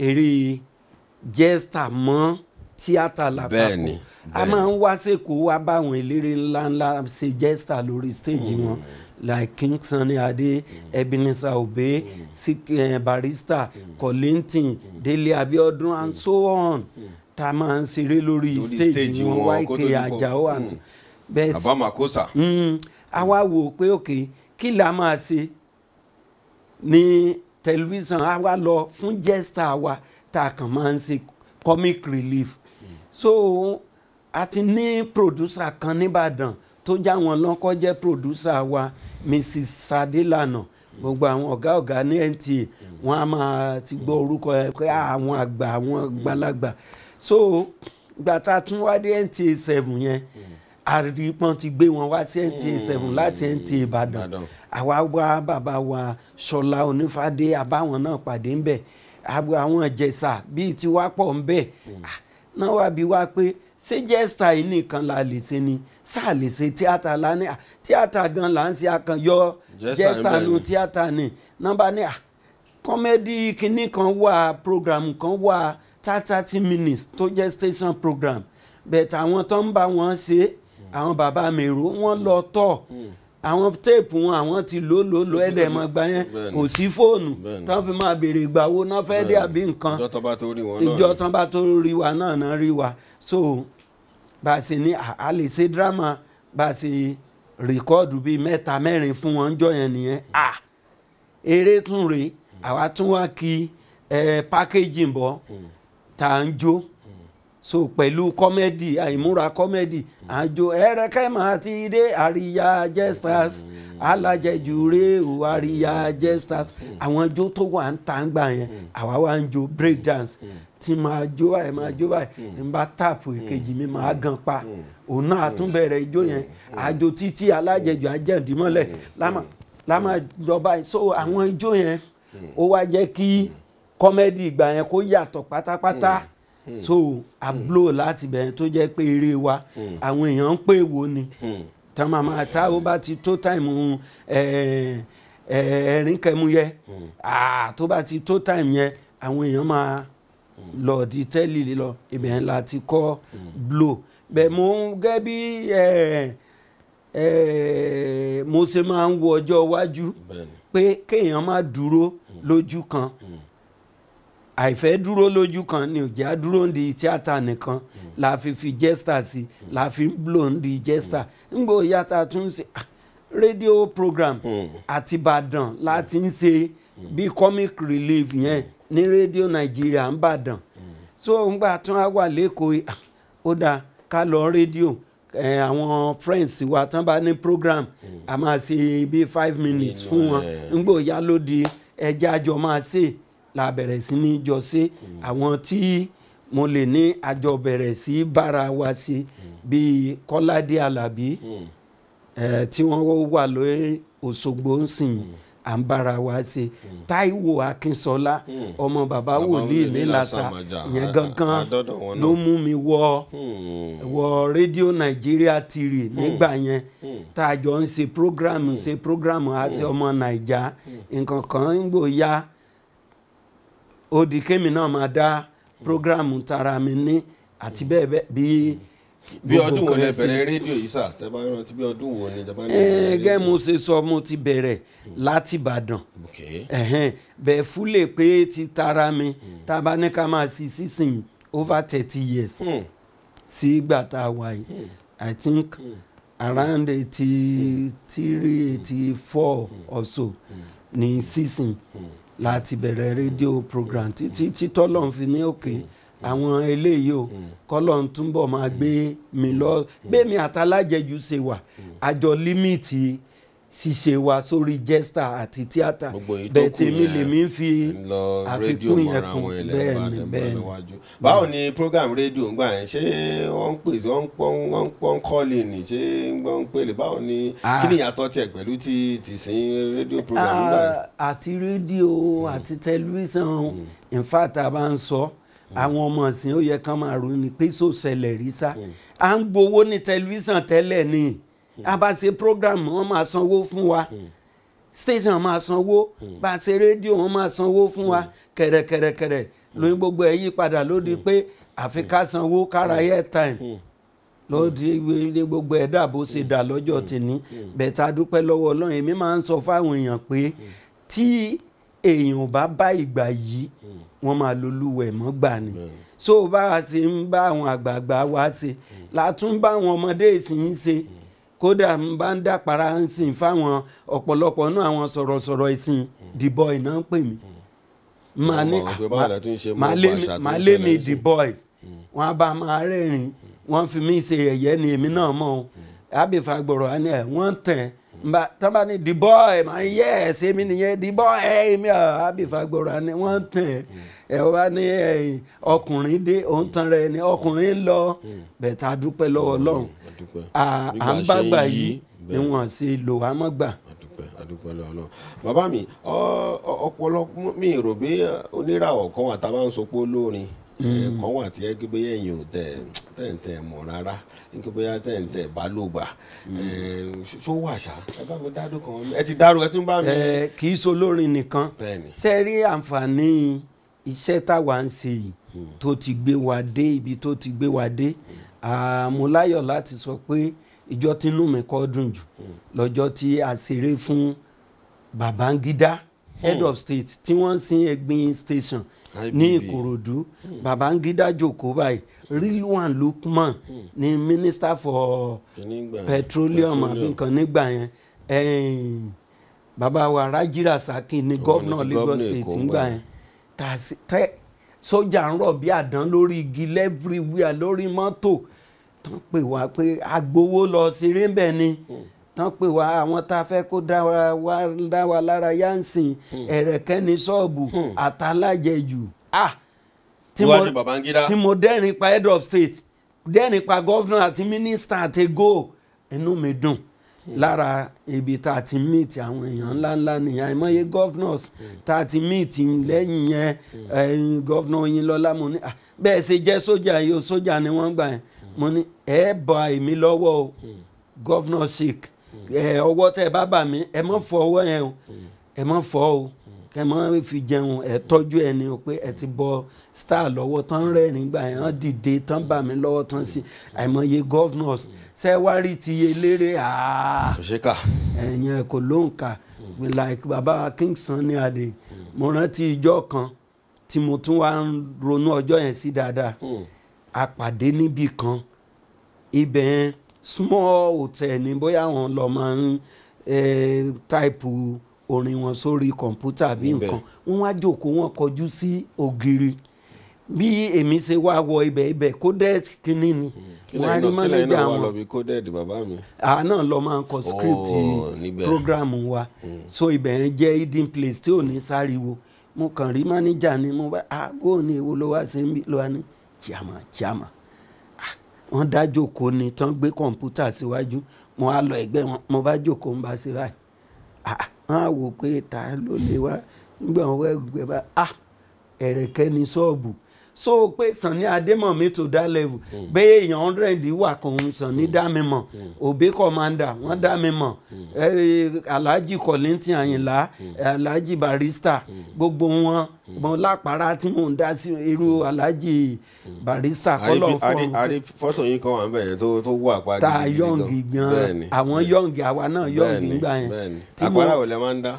eré jẹ́sítà mọ́ tíátà lápapọ̀ a máa ń wá sẹ́kọ̀ọ́ wá báwọn eléré ńláńlá ṣe jẹ́sítà lórí stéèjì mm. wọn like King Sunny Adé mm. Ebenezer Obey mm. eh, Barrister Kollington Délé Abíọ́dún and so on tá a máa ń ṣeré lórí stéèjì wọn Wáìkè Àjàó àti bẹ́ẹ̀ tí àbámakósa a wá wò ó pé òkè kí la máa ṣe ní tẹlifíṣàn a wá lọ fún jẹ́sítà wa tá kàn máa ń ṣe comic relief so a ti ní producer kan nìbàdàn tó já wọn lọ́kọ́ jẹ́ producer wa mrs sadilana gbogbo àwọn ọ̀gá ọ̀gá ní NTA wọn a máa ti gbọ́ orúkọ ẹ pé àwọn àgbà àwọn gbalagbà so gbàtà tún wá dé NTA seven yẹn àrídìpọ́n ti gbé wọn wá sí NTA seven láti NTA Ìbàdàn àwa wá bàbá wa Ṣọlá Onífádé àbáwọn náà pàdé ńbẹ̀ àwọn Ìjẹ̀ṣà bíi tiwa pọ̀ ńbẹ̀. Mm náà wá bí wá pé ṣé jẹ́sítà nìkan la lè ṣe ni sáà lè ṣe tíátà la ní tíátà gan là ń ṣe akàn yọ jẹ́sítà nu tíátà ni nọ́mbà ní kọ́mẹ́dì kínní kan wà program kan wà thirty minutes tó jẹ́ station program bẹ̀ẹ̀ tàwọn tó ń bá wọn ṣe hmm. àwọn bàbá mèrò wọn lọ tọ̀. Hmm àwọn téèpù wọn àwọn ti lò lò lò ẹ̀dẹ̀ mọ̀ gbà yẹn kò sí fóònù tán fi máa béèrè ìgbà wo náà fẹ́ dé àbí nǹkan ìjọ tán bá tó rí wa náà náà rí wa so bá a sì ní a lè ṣe dírámà bá a sì rìkọ́ọ̀dù bíi mẹ́ta mẹ́rin fún wọn jọ yẹn nìyẹn a eré tún rèé àwa tún wá kí ẹ pákéjì bọ́ hmm. tá à ń jó. Mm so pẹ̀lú kọ́mẹ́dì àìmúra kọ́mẹ́dì àjò ẹ̀rẹ́kẹ́mà ti dé àríyá jesters alájẹjúre ò àríyá jesters àwọn ijó tó wà ń ta ń gbà yẹn àwa wá ń jó break dance tí máa jó báyìí máa jó báyìí ń bá táàpù èkejì mi máa gan pa òun náà àtúnbẹ̀rẹ̀ ijó yẹn àjò títí alájẹjù ajẹ́ǹdímọ́lẹ̀ lámà lọ báyìí so àwọn ijó yẹn ó wá jẹ́ kí kọ́mẹ́dì ìgbà yẹn kó yàtọ̀ pátápátá. Mm. Hmm. so àbúlò hmm. láti bẹ̀rẹ̀ tó jẹ́ pé eré wa hmm. àwọn èèyàn ń pè wò ni tán máa máa tá ó bá ti tó táìmù ẹ̀rín kẹmúyẹ tó bá ti tó táìmù yẹn àwọn èèyàn máa lọ di tẹ́lì lọ ibẹ̀ la ti kọ́ blo bẹ́ẹ̀ mo ń gẹ́ bí mo ṣe máa ń wo ọjọ́ iwájú pé kéèyàn má dúró lójú kan. Mm àìfẹ́ dúró lójú kan ni òjá dúró ń di tíátà nìkan mm. la fi fi jẹ́stà sí la fi ń blow ń di jẹ́stà ńgbò yàtà tún ṣe ah, rédíò program mm. àti Ìbàdàn láti mm. ń ṣe bí comic relief yẹn ní rédíò Nàìjíríà ń bàdàn so ńgbà tún á wà lẹ́kọ̀ọ́ ah, ó dáa ká lọ rédíò eh, àwọn friends wa tán bá ní program a máa ṣe bí five minutes fún wọn ńgbò yá ló di ẹja àjọ máa ṣe la bẹ̀rẹ̀ sí ní jọ ṣe àwọn tí mo lè ní àjọ bẹ̀rẹ̀ sí bára wa ṣe bíi Kọ́ládé Àlàbí tí wọ́n wà lóye Òṣogbo ń sìn à ń bára wa ṣe Táíwò Akínsọlá ọmọ bàbá wòlíì nílàsà ìyẹn gangan ló mú mi wọ hmm. wọ rédíò Nàìjíríà tìrì hmm. nígbà yẹn hmm. tá a jọ ń ṣe programu ṣe programu àti ọmọ Nàìjà nǹkan kan ń gbò ya. Hmm ó di kémi náà máa dá programu tara mi ní àti bẹ́ẹ̀ bẹ́ẹ̀ bí. bí ọdún wo lẹ bẹ̀rẹ̀ rédíò yìí sà tẹ́ bá rántí bí ọdún wo ni tẹ́ bá lè bẹ̀rẹ̀ rédíò. gẹ́gẹ́ mo ṣe sọ mo ti bẹ̀rẹ̀ láti Ìbàdàn bẹ́ẹ̀ fúlẹ̀ pé ti tara mi hmm. tá ní ká máa sí sísìn over thirty years hmm. sí ìgbà tá a wà yìí hmm. I think around eighty three eighty four or so ni sísìn. Mm láti bẹ̀rẹ̀ rédíò program títí tí tọ́lọ́n fi ní òkè àwọn eléyìí o kọ́lọ́n túnbọ̀ máa gbé mi lọ gbé mm. mi àtàlájẹjù ṣe wà mm. àjọ límìtì. Mm ṣíṣe wa sórí jẹ́sítà àti tíátà bẹ́ẹ̀ mi lèmi ń fi àfikún yẹn kún bẹ́ẹ̀ ni bẹ́ẹ̀ ni. báwo ni program rédíò ń gbà yẹn ṣé wọ́n ń pèsè wọ́n ń pọ́n ń pọ́n ni ṣé wọ́n ń pèlè báwo ni kí ni ìyàtọ̀ tiẹ̀ pẹ̀lú ti ti sin rédíò program gbà yẹn. àti rédíò hmm. àti tẹlifíṣàn hmm. in fact a bá ń sọ hmm. àwọn ọmọ ìsìn ó yẹ kán máa ronú pé sòṣẹlẹ̀ rí sá à ń gbowó ní tẹlifíṣàn tẹ́lẹ̀ ni. Mm a bá ṣe wọn máa sanwó fún wa hmm. station máa sanwó hmm. bá ṣe wọn máa sanwó fún wa hmm. kẹ̀rẹ̀kẹ̀rẹ̀kẹ̀rẹ̀ lóyún gbogbo ẹ̀ yí padà ló di pé àfi ká sanwó kára airtime ló di gbogbo ẹ̀ dà bó ṣe dà lọ́jọ́ tèmi bẹ̀tà dúpẹ́ lọ́wọ́ ọlọ́run èmi máa ń sọ fáwọn èèyàn pé tí èèyàn bá bá ìgbà yìí wọ́n máa lolúwẹ̀ mọ́ gbà ni so bá a ti ń bá àwọn àgbààgbà wa ṣe látún bá àwọn ọmọdé ìsìn ṣe. kódà n bá ń dàpara ń sìn fáwọn ọ̀pọ̀lọpọ̀ náà àwọn sọ̀rọ̀sọ̀rọ̀ ìsìn the boy ń pè mí màá lé mi the boy wọn á bá máa rẹ́rìn wọ́n fi mí ṣe ẹ̀yẹ́ ni èmi náà mọ̀ ọ́ àbífà gbọ̀rọ̀ á ní ẹ̀ wọ́n tẹ̀ ẹ́ mba tán bá ní the boy mà ń yẹ ẹsẹ mi nìyẹn the boy èmi àbífagbọra ah, ni wọ́n tàn ẹ ọ bá ní ọkùnrin dé òun tan rẹ ni ọkùnrin ń lọ bẹ̀tà dúpẹ́ lọ́wọ́ mm, Ọlọ́run à ń bá gbà yìí ni wọ́n sì lò wá mọ́ gbà. bàbá mi ọ̀pọ̀lọpọ̀ mi rò pé oníràwọ̀ kan wà tá a bá ń Hmm. kan wà tí ẹ kí bóyá ẹ̀yin ò tẹ̀ tẹ̀ǹtẹ̀ mọ̀ rárá kí bóyá tẹ̀ǹtẹ̀ bá ló gbà hmm. ṣó wà ṣá ẹ bá mi dádó kan ẹ ti dárò ẹ tún bá mi. kì í solórin nìkan ṣe rí àǹfààní iṣẹ́ táwa ń ṣe yìí hmm. tó ti gbé wa dé ibi tó ti gbé wa dé mo láyọ̀ láti sọ pé ìjọ tínú mi kọ́ dùn jù lọ́jọ́ tí a ṣeré fún Babangida. Mm head of state tí wọ́n sin ẹgbin station ní ìkòròdú hmm. babangida joko báyìí rilwan lukman hmm. ni minister for petroleum àbí nǹkan nígbà yẹn bàbá wa raji rasaki ni gómìnà lagos state nígbà yẹn sójà ń rọ̀ bí àdán lórí igi everywhere lórí mọ́tò tán pè wá pé agbowó lọ sí rẹ́ńbẹ́ ni. Hmm tán pè wá àwọn tá a fẹ́ kó dá wa lára yá ń sìn hmm. ẹ̀rẹ̀kẹ́ ní ṣọ́ọ̀bù àtàlájẹjù hmm. ah tí mo dẹ́rìn pa head of state dẹ́rìn pa governor àti minister àti go inú mi dùn hmm. lára ibi tá a ti meet àwọn èèyàn ńláńlá nìyẹn àìmọye governors tá a ti meet lẹ́yìn yẹn governor Oyinlọ́lá mo ní bẹ́ẹ̀ ṣe jẹ́ sójà yìí o sójà ni wọ́n gbà yẹn mo ní ẹ̀ bá èmi lọ́wọ́ o governor sick ẹ ọwọ́ tẹ ẹ bá bà mí ẹ mọ̀ fọ ọwọ́ yẹn o ẹ mọ̀ fọ o kẹ mọ̀ fi jẹun ẹ tọ́jú ẹ ni o pé ẹ ti bọ star lọ́wọ́ tán rẹ̀ nígbà yẹn dìde tán bà mí lọ́wọ́ tán sí àìmọye governors ṣe wá rí ti eléré ẹ̀yìn kò ló ń kà like baba Kingston ní adé mo rántí ijọ́ kan tí mo tún wá ń ronú ọjọ́ yẹn sí dáadáa hmm. a pàdé níbì kan ibẹ̀ yẹn small hotel ní bóyá àwọn lọ máa ń táìpù orin wọn sórí kọ̀ǹpútà bí nǹkan wọ́n wá jókòó wọn kọjú sí ògiri bí èmi ṣe wá wọ ibẹ̀ ibẹ̀ codec kínní ni hmm. wọ́n á rí mánéjà wọn àánà lọ máa ń kọ oh, script program wa hmm. so ibẹ̀ yẹn jẹ́ hidden place tí ò ní sáriwo mo kàn rí mánéjà ni mo bá ah bóun ni èwo ló wá sí ló wá ní chiama chiama wọ́n dá jòkó ni tán gbé kọ̀ǹpútà síwájú mo á lọ ẹ̀gbẹ́ wọn mo bá jòkó ń bá sí báyìí ah, wọ́n á wò pé ta ló lè wá nígbà wọn wẹ́gbẹ́ bá ẹ̀rẹ̀kẹ́ ni ṣọ́ọ̀bù so pé Sànní Adémọ̀mí to that level hmm. bẹ́ẹ̀ èèyàn hundred wà kàn ń Sànní hmm. dá mi mọ̀ hmm. òbí commander wọ́n dá mi mọ̀ eh, Alhaji Kollington Àyìnlá eh, Alhaji Barrister gbogbo wọn mọ lápárá tí mò ń dá sí irú Alhaji Barrister kọ́lọ̀ fọ́ọ̀mù. àrí fọ́tò yín kan wà bẹ́ẹ̀ tó tó wú àpá ta yọ̀ǹgì gan-an àwọn yọ̀ǹgì àwa náà yọ̀ǹgì gbà yẹn. àpárá ò lè máa ń dá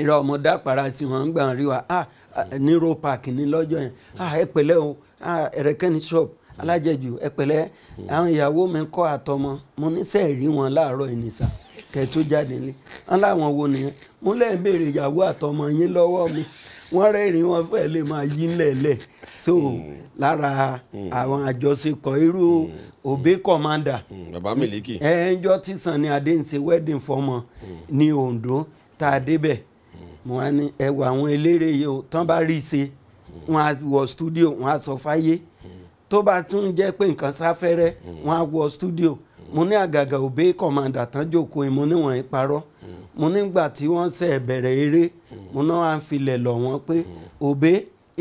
irọ́ ọmọ dápara sí wọn gbà ń rí wa ah, ah ní park ní lọ́jọ́ yẹn ah ẹ o ah ẹ̀rẹ̀kẹ́ni shop alájẹjù ẹ pẹ̀lẹ́ àwọn ìyàwó mi kọ́ àtọmọ mo níṣẹ́ rí wọn láàárọ̀ ìnìṣà kẹ́ tó jáde nílé wọn láwọn wo nìyẹn mo lẹ́ẹ̀ béèrè ìyàwó àtọmọ yín lọ́wọ́ mi wọ́n rẹ́rìn wọn fẹ́ lè máa yí lẹ̀lẹ̀ so lára àwọn àjọṣepọ̀ irú òbí kọ̀mándà bàbá Miliki ẹ̀ ń jọ́ tí Sanni Adé ń ṣe wedding fọmọ ní Ondo tá a débẹ̀ mo wá ní ẹ wo àwọn eléré yìí o tán bá rí i ṣe wọn á wọ studio wọn á sọ fáyé tó bá tún jẹ́ pé nǹkan sáfẹ́rẹ́ wọn á wọ studio mo ní àgàgà òbí kọ̀mọ̀dà tán jókòó mo ní wọ́n ń parọ́ mo nígbà tí wọ́n ṣe bẹ̀rẹ̀ eré mo náà wá ń filẹ̀ lọ̀ wọ́n pé òbí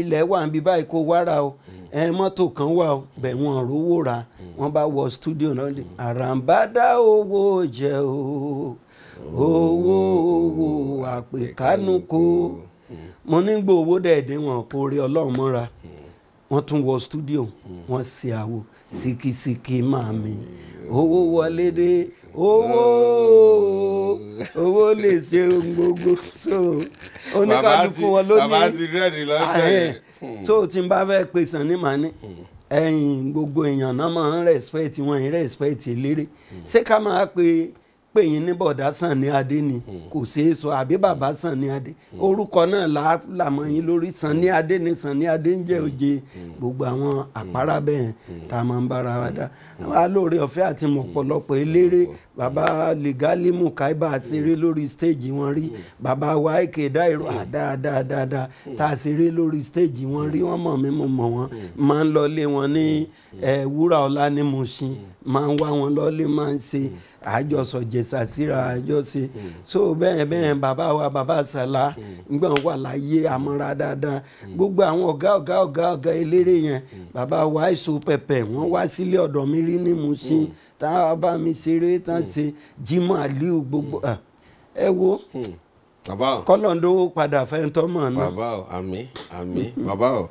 ilẹ̀ wà ń báyìí kó wára o ẹ mọ́tò kan wà o bẹ̀ wọ́n rówó ra wọ́n bá wọ studio náà àràǹbá dá owó jẹ o owó o àpèkánú kó mo ní gbòòwò dẹ̀ẹ̀dẹ̀ wọn kò rí ọlọ́run mọ́ra wọ́n tún wọ studio wọ́n ṣe àwo sikisiki máa mi owó wọlé dé owó owó lè ṣe ohun gbogbo so oníkàlùkù wọn ló ní ààyè hmm. so tí n bá fẹ́ pè sàn ní màá ní hmm. ẹ̀yìn gbogbo èèyàn náà máa ń respect wọn ń respect eléré hmm. ṣé ká máa pe pè yín ní bọ̀dá sàn ní adé ni hmm. kò ṣeé sọ àbí bàbá sàn ní adé hmm. orúkọ náà là á làmọ̀ yín lórí hmm. sàn ní adé ni sàn ní adé ń jẹ́ òye gbogbo àwọn àpárá bẹ́ẹ̀ tá a máa ń bára wa dá a lóore ọ̀fẹ́ àti mọ̀pọ̀lọpọ̀ eléré bàbá lìgálímù káíbà ti rí lórí stéèjì wọn rí bàbá wa èké dáìrò àdáadáadáa tá a ti rí lórí stéèjì wọn rí wọn mọ̀ mí mo mọ̀ wọn máa ń lọ wọn ní wúrà ọlá ní Mùṣín máa ń wá wọn lọ máa ń ṣe àjọsọ jẹsà síra àjọsẹ mm. so bẹ́ẹ̀ bẹ́ẹ̀ bàbá wa bàbá sàlá mm. ngbọ̀n wà láyé àmọ́ra dáadáa mm. gbogbo àwọn ọ̀gá ọ̀gá ọ̀gá ọ̀gá eléré yẹn bàbá wa àìsò pẹ̀pẹ̀ wọ́n wá sílé ọ̀dọ̀ mi rí ní Mùṣín tá a bá mi ṣeré tán ṣe Jimoh Aliu gbogbo ẹ wo bàbá o kọlọ́ndó padà fẹ́ntọ́ mọ̀ náà. bàbá o àmín àmín bàbá o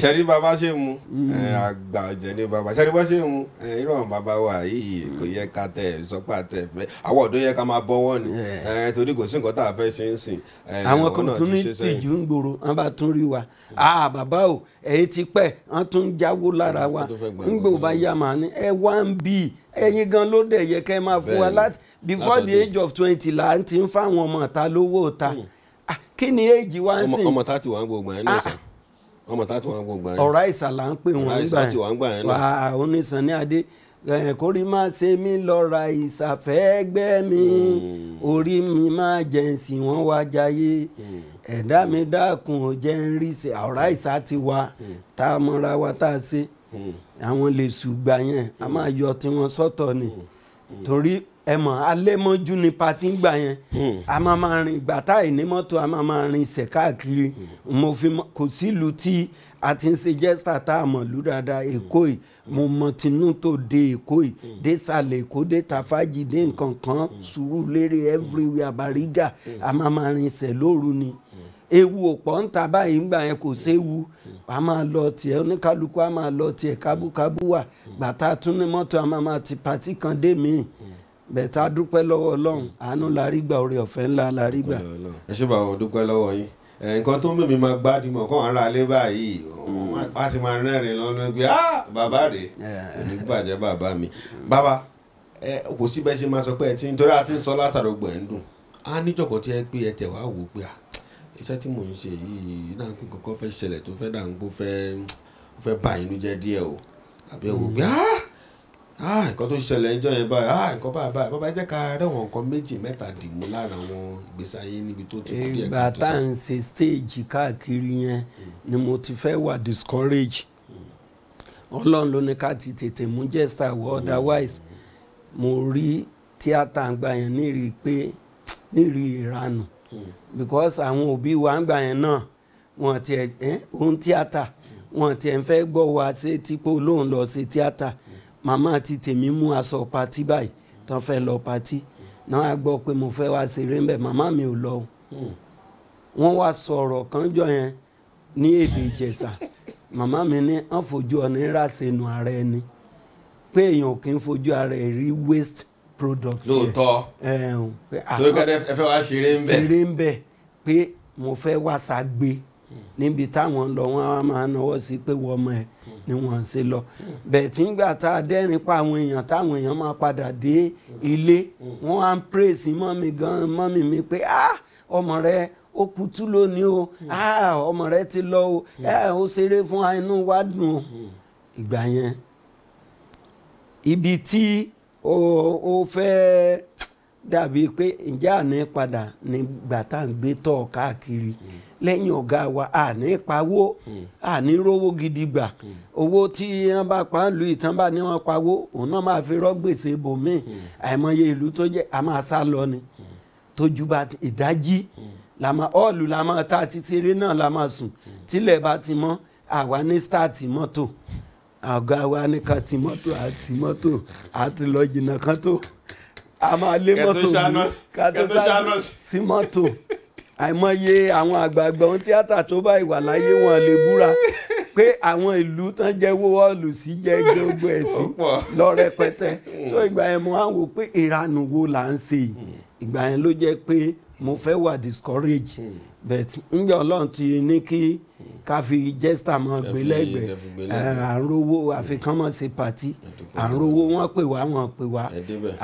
ṣẹ́rí bàbá ṣe mu mm. àgbà ọ̀jẹ̀ ni bàbá ṣẹ́rí bá ṣe mu irú àwọn bàbá wa yìí kò yẹ ká tẹ ìsọpá tẹ fẹ́ àwọn ọ̀dọ́ yẹ ká máa bọ́wọ́ ni torí kò sí nǹkan tá a fẹ́ ṣe ń sìn. àwọn kan tún ní tìjú ń gbòòrò wọn bá tún rí wa ah bàbá o ẹ̀yin ti pẹ́ wọn tún jáwó lára wa ń gbòòbá yá màá ní ẹ wá ń bì ẹ̀yin gan ló dẹ̀ yẹ kẹ́ máa fún wa láti before the age of twenty là ń ti ń fáwọn ọmọ ta lówó ta hmm. ah, kí ni age wa ń sìn. ọmọ tá ti wà ń gbogbo ẹ̀ ní ìsàn ah. ọmọ tá ti wà ń gbogbo ẹ̀. ọ̀rá ìsàlà ń pè wọ́n gbà yẹn wà á oníṣàn ní adé kórìí máa ṣe mí lọ́ra ìsàfẹ́gbẹ́ mi hmm. orí mi máa jẹ̀ǹsì wọ́n wá jayé hmm. ẹ̀dá mi dákun ò jẹ́ ń rí ṣe ọ̀rá ìsà ti wa tá a mọ́ra wa tá a ṣe àwọn lè ṣùgbà yẹn a máa yọ tiwọn sọ́tọ̀ ni torí ẹ mọ̀ alẹ́ ni pati ń gbà yẹn hmm. a máa máa rìn ìgbà táì ní mọ́tò a máa máa rìn ìṣẹ̀ káàkiri hmm. mo fi kò sílùú tí a ti ń ṣe jẹ́sà tá a mọ̀ lù dáadáa hmm. èkó yìí mo mọ̀ tinú tó de èkó yìí dé sàlẹ̀ èkó dé tàfájì dé nǹkan kan Sùúrùlérè everywhere Bàrígà a máa máa rìn ìṣẹ̀ lóru ni ewu ọ̀pọ̀ ń ta báyìí ńgbà yẹn kò séwu a máa lọ tiẹ̀ oníkálukú a máa lọ tiẹ̀ kábúkábú wà gbàtà tún ní mọ́tò a máa ti pàtí kan dé míì bẹ̀ẹ̀ta dúpẹ́ lọ́wọ́ ọlọ́run àánú la rí gbà oore ọ̀fẹ́ ńlá la rí gbà. ẹ ṣe bàbá dúpẹ́ lọ́wọ́ yín nǹkan tó mímí máa gbádùn mọ̀ kọ́ńtà ara alẹ́ báyìí wọ́n ti mm. máa rẹ́rìn lọ́nà pé bàbá rèé òní bàjẹ́ bàbá mi bàbá kò sí bẹ́ẹ̀ ṣe máa sọ pé ẹ ti ń torí àti ń sọ látàrọ gbọ̀n ń dùn a níjọ̀kọ̀ tí ẹ pé ẹ tẹ̀ wá wò pé iṣẹ́ tí mò ń ṣe yìí náà pé kọ́kọ́ fẹ́ ṣẹlẹ̀ tó fẹ́ dà fẹ́ bá inú jẹ́ díẹ̀ o àbẹ̀wò pé Ah, nǹkan tó ṣẹlẹ̀ ńjọ́ yẹn báyìí ah, nǹkan báyìí báyìí bàbá jẹ́ ká rẹ́wọ̀n nǹkan méjì mẹ́ta dìmú lára àwọn ìgbésí ayé níbi tó ti kú díẹ̀ ká tó sọ. ìgbà tá à ń ṣe stage káàkiri yẹn ni mo ti fẹ́ wà discourage ọlọ́run ló ní ká ti tètè mú jesta wọ otherwise mo rí tíátà àgbà yẹn nírì pé nírì ìranù because àwọn òbí wa àgbà yẹn náà wọn tiẹ̀ ohun tíátà wọn tiẹ̀ ń fẹ́ gbọ́ wa ṣe tí pé lọ ṣe tíátà. Mm màmá àti tèmi mú aṣọ patí báyìí tán fẹ́ lọ patí náà a gbọ́ pé mo fẹ́ wá ṣeré ń bẹ̀ màmá mi ò lọ hmm. wọ́n wá sọ̀rọ̀ kan jọ yẹn ní èdè ìjẹ̀ṣà màmá mi ní wọ́n fojú ọ̀nà ìràṣẹ̀nu ara ẹni pé èèyàn kì í fojú ara ẹ̀ rí waste product yẹn lóòótọ́ torí pé ẹ fẹ́ wá ṣeré ń bẹ̀ ṣeré ń bẹ̀ pé mo fẹ́ wá ṣàgbé níbi táwọn lọ wọn á máa náwó sí pé wọ́n ọmọ ẹ̀ ni wọ́n ṣe lọ bẹ́ẹ̀ tí ń gbà tá a dẹ́rìn pa àwọn èèyàn táwọn èèyàn máa padà dé ilé wọ́n á ń pèsè mọ́mí gan mọ́mí mi pé ah ọmọ rẹ ó kutú lónìí o ah ọmọ rẹ ti lọ o ẹ eh, ó ṣeré fún wa inú wa dùn o ìgbà yẹn ibi tí o fẹ́ẹ́ dàbí pé ǹjẹ́ àní padà nígbà tá à ń gbé tọ̀ káàkiri hmm. lẹ́yìn ọ̀gá wa àní pawó hmm. àní rówó gidi gbà hmm. owó tí wọ́n bá pa ń lu ìtàn bá ní wọ́n pawó òun náà máa fi rọ́ gbèsè bòmíì àìmọye ìlú tó jẹ́ a máa sá lọ ni tójú bá ìdájí la máa ọ́ọ̀lù la máa ta títí náà la máa sùn tílẹ̀ bá ti mọ́ àwa ní stáàtì mọ́tò ọ̀gá wa ní kan ti mọ́tò àti mọ́tò àti lọ kan tó a máa lé mọ́tò mú kátó sáná sí mọ́tò àìmọye àwọn àgbààgbà ohun tíátà tó bá ìwà láyé wọn lè búra pé àwọn ìlú tán jẹ́ wọ́ọ̀lù sí jẹ́ gbogbo ẹ̀sìn lọ rẹpẹtẹ tó ìgbà yẹn mo á wò pé ìranù wo là ń ṣe ìgbà yẹn ló jẹ́ pé mo fẹ́ wà discourage hmm. but ǹgbẹ́ ọlọ́run ti ní kí ká fi jester mọ́ gbélẹ́gbẹ̀ẹ́ à ń rówó àfikán hmm. mọ́ ṣe pàtí à ń rówó wọ́n pè wá wọ́n pè wá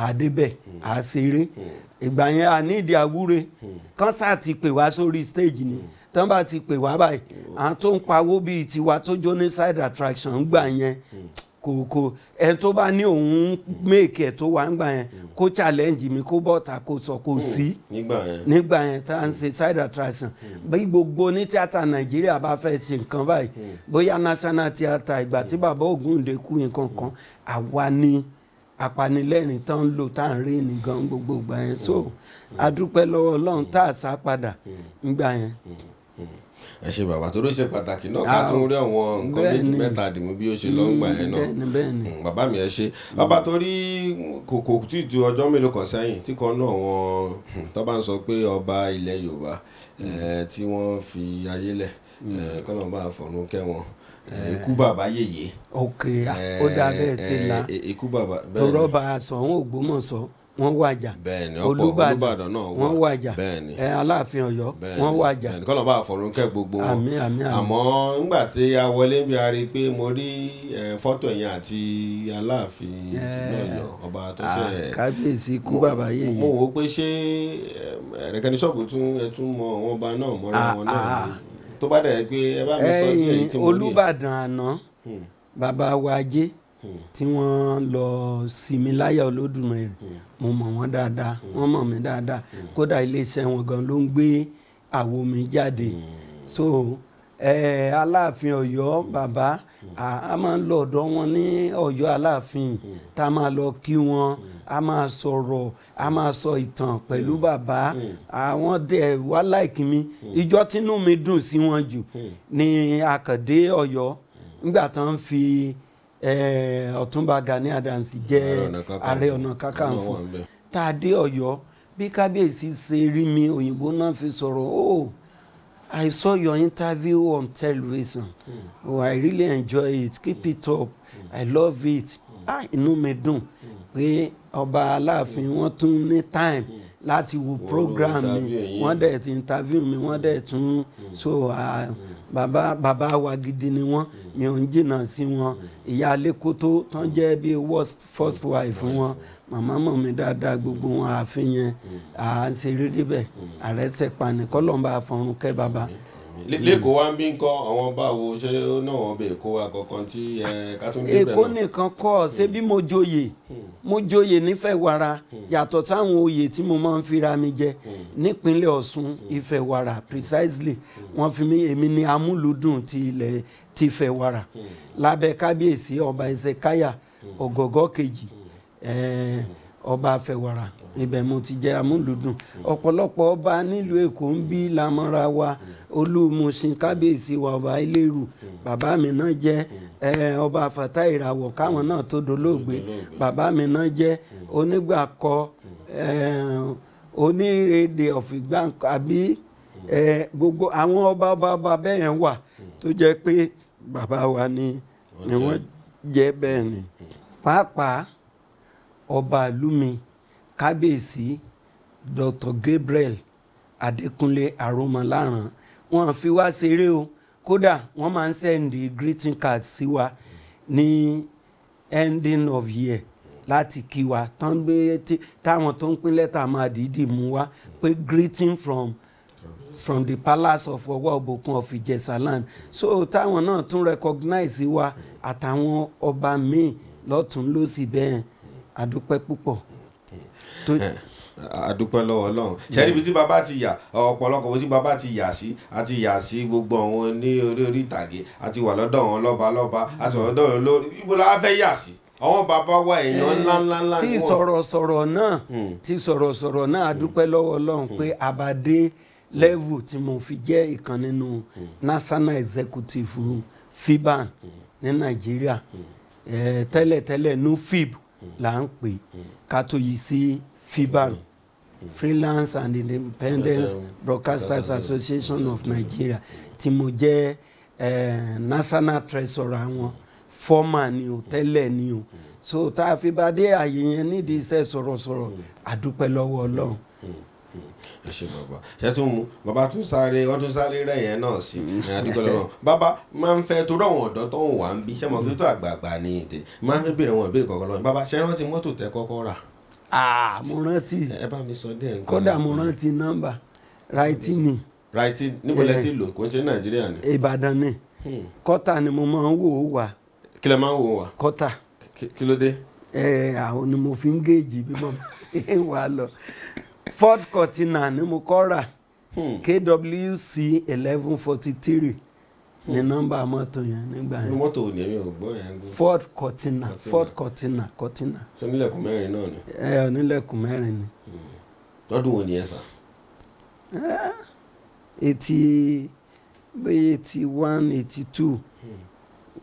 àdébẹ̀ àṣeré hmm. ìgbà yẹn a ní ìdí àwúre kọ́nsà pè wá sórí stage ni tán bá ti pè wá báyìí àwọn tó ń pawó bíi tiwa tó jó ní side attraction gbà yẹn kò kò ẹ tó bá ní òun méèkì ẹ tó wà ńgbà yẹn kó challenge mi kó bọ́ta kó sọ kó hmm, sí nígbà yẹn tá à ń hmm. ṣe side attraction hmm. bí gbogbo ní tíátà nàìjíríà bá fẹ́ ṣe nǹkan báyìí bóyá national theatre ìgbà tí bàbá Ògúndé kú nǹkan kan àwa ni apanilẹ́rìn tán ń lò tá à ń rí nìkan gbogbo ìgbà yẹn so adúpẹ́ lọ́wọ́ ọlọ́run tá a sá padà ńgbà yẹn ẹ ṣe bàbá tó ló ṣe pàtàkì náà ká ah, tún rí oh, àwọn nǹkan méjì mẹ́ta dìmú bí ó ṣe lọ ń gbà yẹn náà mm, bàbá mi ẹ ṣe bàbá torí kò kò tí ju ọjọ́ mélòó kan sẹ́yìn tí kan náà wọn hmm, tó bá ń sọ pé ọba ilẹ̀ Yorùbá mm. eh, tí wọ́n fi ayé lẹ̀ mm. eh, kọ́nà bá fọ̀nù kẹ́wọn eh, ikú bàbá yèyé. ok ah, ó dáa bẹ́ẹ̀ ṣe la ikú bàbá bẹ́ẹ̀ ni tọrọ bá a sọ òun wọ́n wàjà olùbàdàn wọ́n wàjà aláàfin ọ̀yọ́ wọ́n wàjà. kọ́nà bá fọ̀rọ̀ kẹ́ gbogbo wọn àmọ́ nígbà tí a wọlé bí a rí i pé mo rí fọ́tò ẹ̀yìn àti aláàfin ọ̀yọ́ ọba tó ṣe ẹ̀ kábíyèsí kú bàbá yèyé. mo wò ó pé ṣé ẹ̀rẹ̀kẹ́ni ṣọ́ọ̀bù tún ẹ tún mọ àwọn ọba náà mọ́ra wọn náà tó bá dẹ̀ pé ẹ bá mi sọ díẹ̀ tí mo rí ẹ̀. olùbàdàn àná hmm. bàbá wa Hmm tí wọ́n lọ sinmi láyà Olódùmarè mo mọ̀ wọ́n dáadáa wọ́n mọ̀ mí dáadáa kódà iléeṣẹ́ wọn gan ló ń gbé àwo mi jáde so Aláàfin Ọ̀yọ́ bàbá a máa ń lọ ọ̀dọ̀ wọn ní Ọ̀yọ́ Aláàfin tá a máa lọ kí wọn a máa sọ̀rọ̀ a máa sọ ìtàn pẹ̀lú bàbá àwọn dẹ̀ wá láìkí mi ìjọ tínú mi dùn sí wọn jù ní àkàndé Ọ̀yọ́ nígbà tán fi. Eh, ọ̀túnba Gani Adams jẹ́ ààrẹ ọ̀nà kakanfò tá ọ̀yọ́ bí kábíyèsí ṣe rí mi òyìnbó náà fi sọ̀rọ̀ oh, I saw your interview on television mm. oh, I really enjoy it keep mm. it up mm. I love it hmm. ah inú mi dùn hmm. pé ọba aláàfin wọn tún ní time hmm. láti wo program mi wọ́n dẹ̀ interview mi wọ́n dẹ̀ tún so. Uh, Baba, baba wa gidi ni wọn mi ò ń jìnnà sí wọn ìyá alẹ́kótó tán jẹ́ bí worst first wife wọn màmá mọ̀ mí dáadáa gbogbo wọn àfihàn à ń ṣe rírí bẹ́ẹ̀ àrẹ́sẹ̀ pani kọ́lọ́mbà àfọ̀rùnkẹ́ baba. Mm -hmm lẹ́kọ̀ọ́ wa ń bí nǹkan àwọn báwo ṣé ó náà wọn bẹ èkó wa kankan tí ká tún débẹ̀ èkó nìkan kọ́ ṣé bí mo joyè hmm. mo joyè nífẹ̀wàrà hmm. yàtọ̀ táwọn oyè tí mo máa ń fira mi jẹ hmm. nípínlẹ̀ ọ̀ṣun ìfẹ̀wàrà precisely wọ́n fi mí èmi ni amúlùdùn ti ilẹ̀ ti fẹ̀wàrà lábẹ́ kábíyèsí ọba ẹsẹ̀ káyà ọ̀gọ̀gọ́ kejì ọba fẹ̀wàrà ibẹ̀ mo ti jẹ́ amúlùdùn ọ̀pọ̀lọpọ̀ ọba nílùú èkó ń bí lamọ́ra wa olúmuṣin kábíyèsí wa ọba ilérù bàbá mi náà jẹ́ ọba fata ìràwọ̀ káwọn náà tó dolóògbé bàbá mi náà jẹ́ onígbàkọ onírèdè ọ̀fìgbà àbí gbogbo àwọn ọba ọba ọba bẹ́ẹ̀ wà tó jẹ́ pé bàbá wa ni wọ́n jẹ́ bẹ́ẹ̀ ni pàápàá ọba ìlú kábíyèsí dr gabriel adékúnlé àròmọláràn wọn fi wá ṣeré o kódà wọn máa ń sẹ́ndì greeting card sí wa ní ending of year láti kí wa táwọn tó ń pín lẹ́tà máa dìídì mú wa pé greeting from from the palace of ọwọ́ òbòkun of Ìjẹ̀ṣàland so táwọn náà tún recognize wa àtàwọn ọba míì lọ́tún lọ́sì bẹ́ẹ̀ adúpẹ́ púpọ̀ àdúpẹ́ lọ́wọ́ ọlọ́run ṣẹ́ni ibi tí bàbá ti yà ọ̀pọ̀lọpọ̀ ibi tí bàbá ti yà sí àti yà sí gbogbo àwọn ní orí orí ìtàgé àti wà lọ́dọ̀ àwọn lọ́ba lọ́ba àti wà lọ́dọ̀ àwọn lórí ibo la fẹ́ yà sí àwọn bàbá wa èèyàn ńlá ńlá ńlá. tí sọ̀rọ̀sọ̀rọ̀ náà hmm. tí sọ̀rọ̀sọ̀rọ̀ náà àdúpẹ́ lọ́wọ́ ọlọ́run hmm. pé abadé lẹ́vù tí mo fi jẹ́ ìkan nínú hmm. national executive fiban ní nàìjíríà tẹ́lẹ̀tẹ́lẹ̀ nufib là ń pè ká tó yí sí FIBAN, mm. Freelance and Independent mm. Broadcasters mm. Association of Nigeria, tí mo jẹ́ eh, national treasurer wọn former ni o tẹ́lẹ̀ ni o so tá a fi bá dé àyè yẹn nídìí iṣẹ́ sọ̀rọ̀sọ̀rọ̀ àdúpẹ́ lọ́wọ́ Ọlọ́run ẹ ṣe bàbá ṣe tún mu bàbá tún sáré wọn tún sáré rẹ yẹn náà sí àdúgbò lọ́rọ̀ bàbá máa ń fẹ́ torí àwọn ọ̀dọ́ tó ń wà ń bí ṣé mo kí n tó àgbààgbà ní ètè máa ń fẹ́ béèrè àwọn ìbéèrè kọ̀ọ̀kan lọ́wọ́ bàbá ṣe rántí mọ́tò tẹ kọ́kọ́ rà. Ah, ah, mo rántí kódà mo rántí nọ́mbà raiti ni. raiti níbo eh, ni. ìbàdàn ni hmm. kọ́tà ni mo máa ń wò ó wà. kí lẹ máa ń wò ó wà. Eh, ni mo fi ń géèjì bí mo wà lọ ford cortina ni mo kọ́ hmm. kwc eleven ni nọmba mọ́tò yẹn nígbà yẹn. mọ́tò ò ní ẹ̀mí yẹn. Ford Cortina Ford Cortina Cortina. sọ nílẹ̀kùn mẹ́rin ni. ẹ ẹ nílẹ̀kùn ni. lọ́dún wo ni ẹ sà. eighty eighty one eighty two hmm.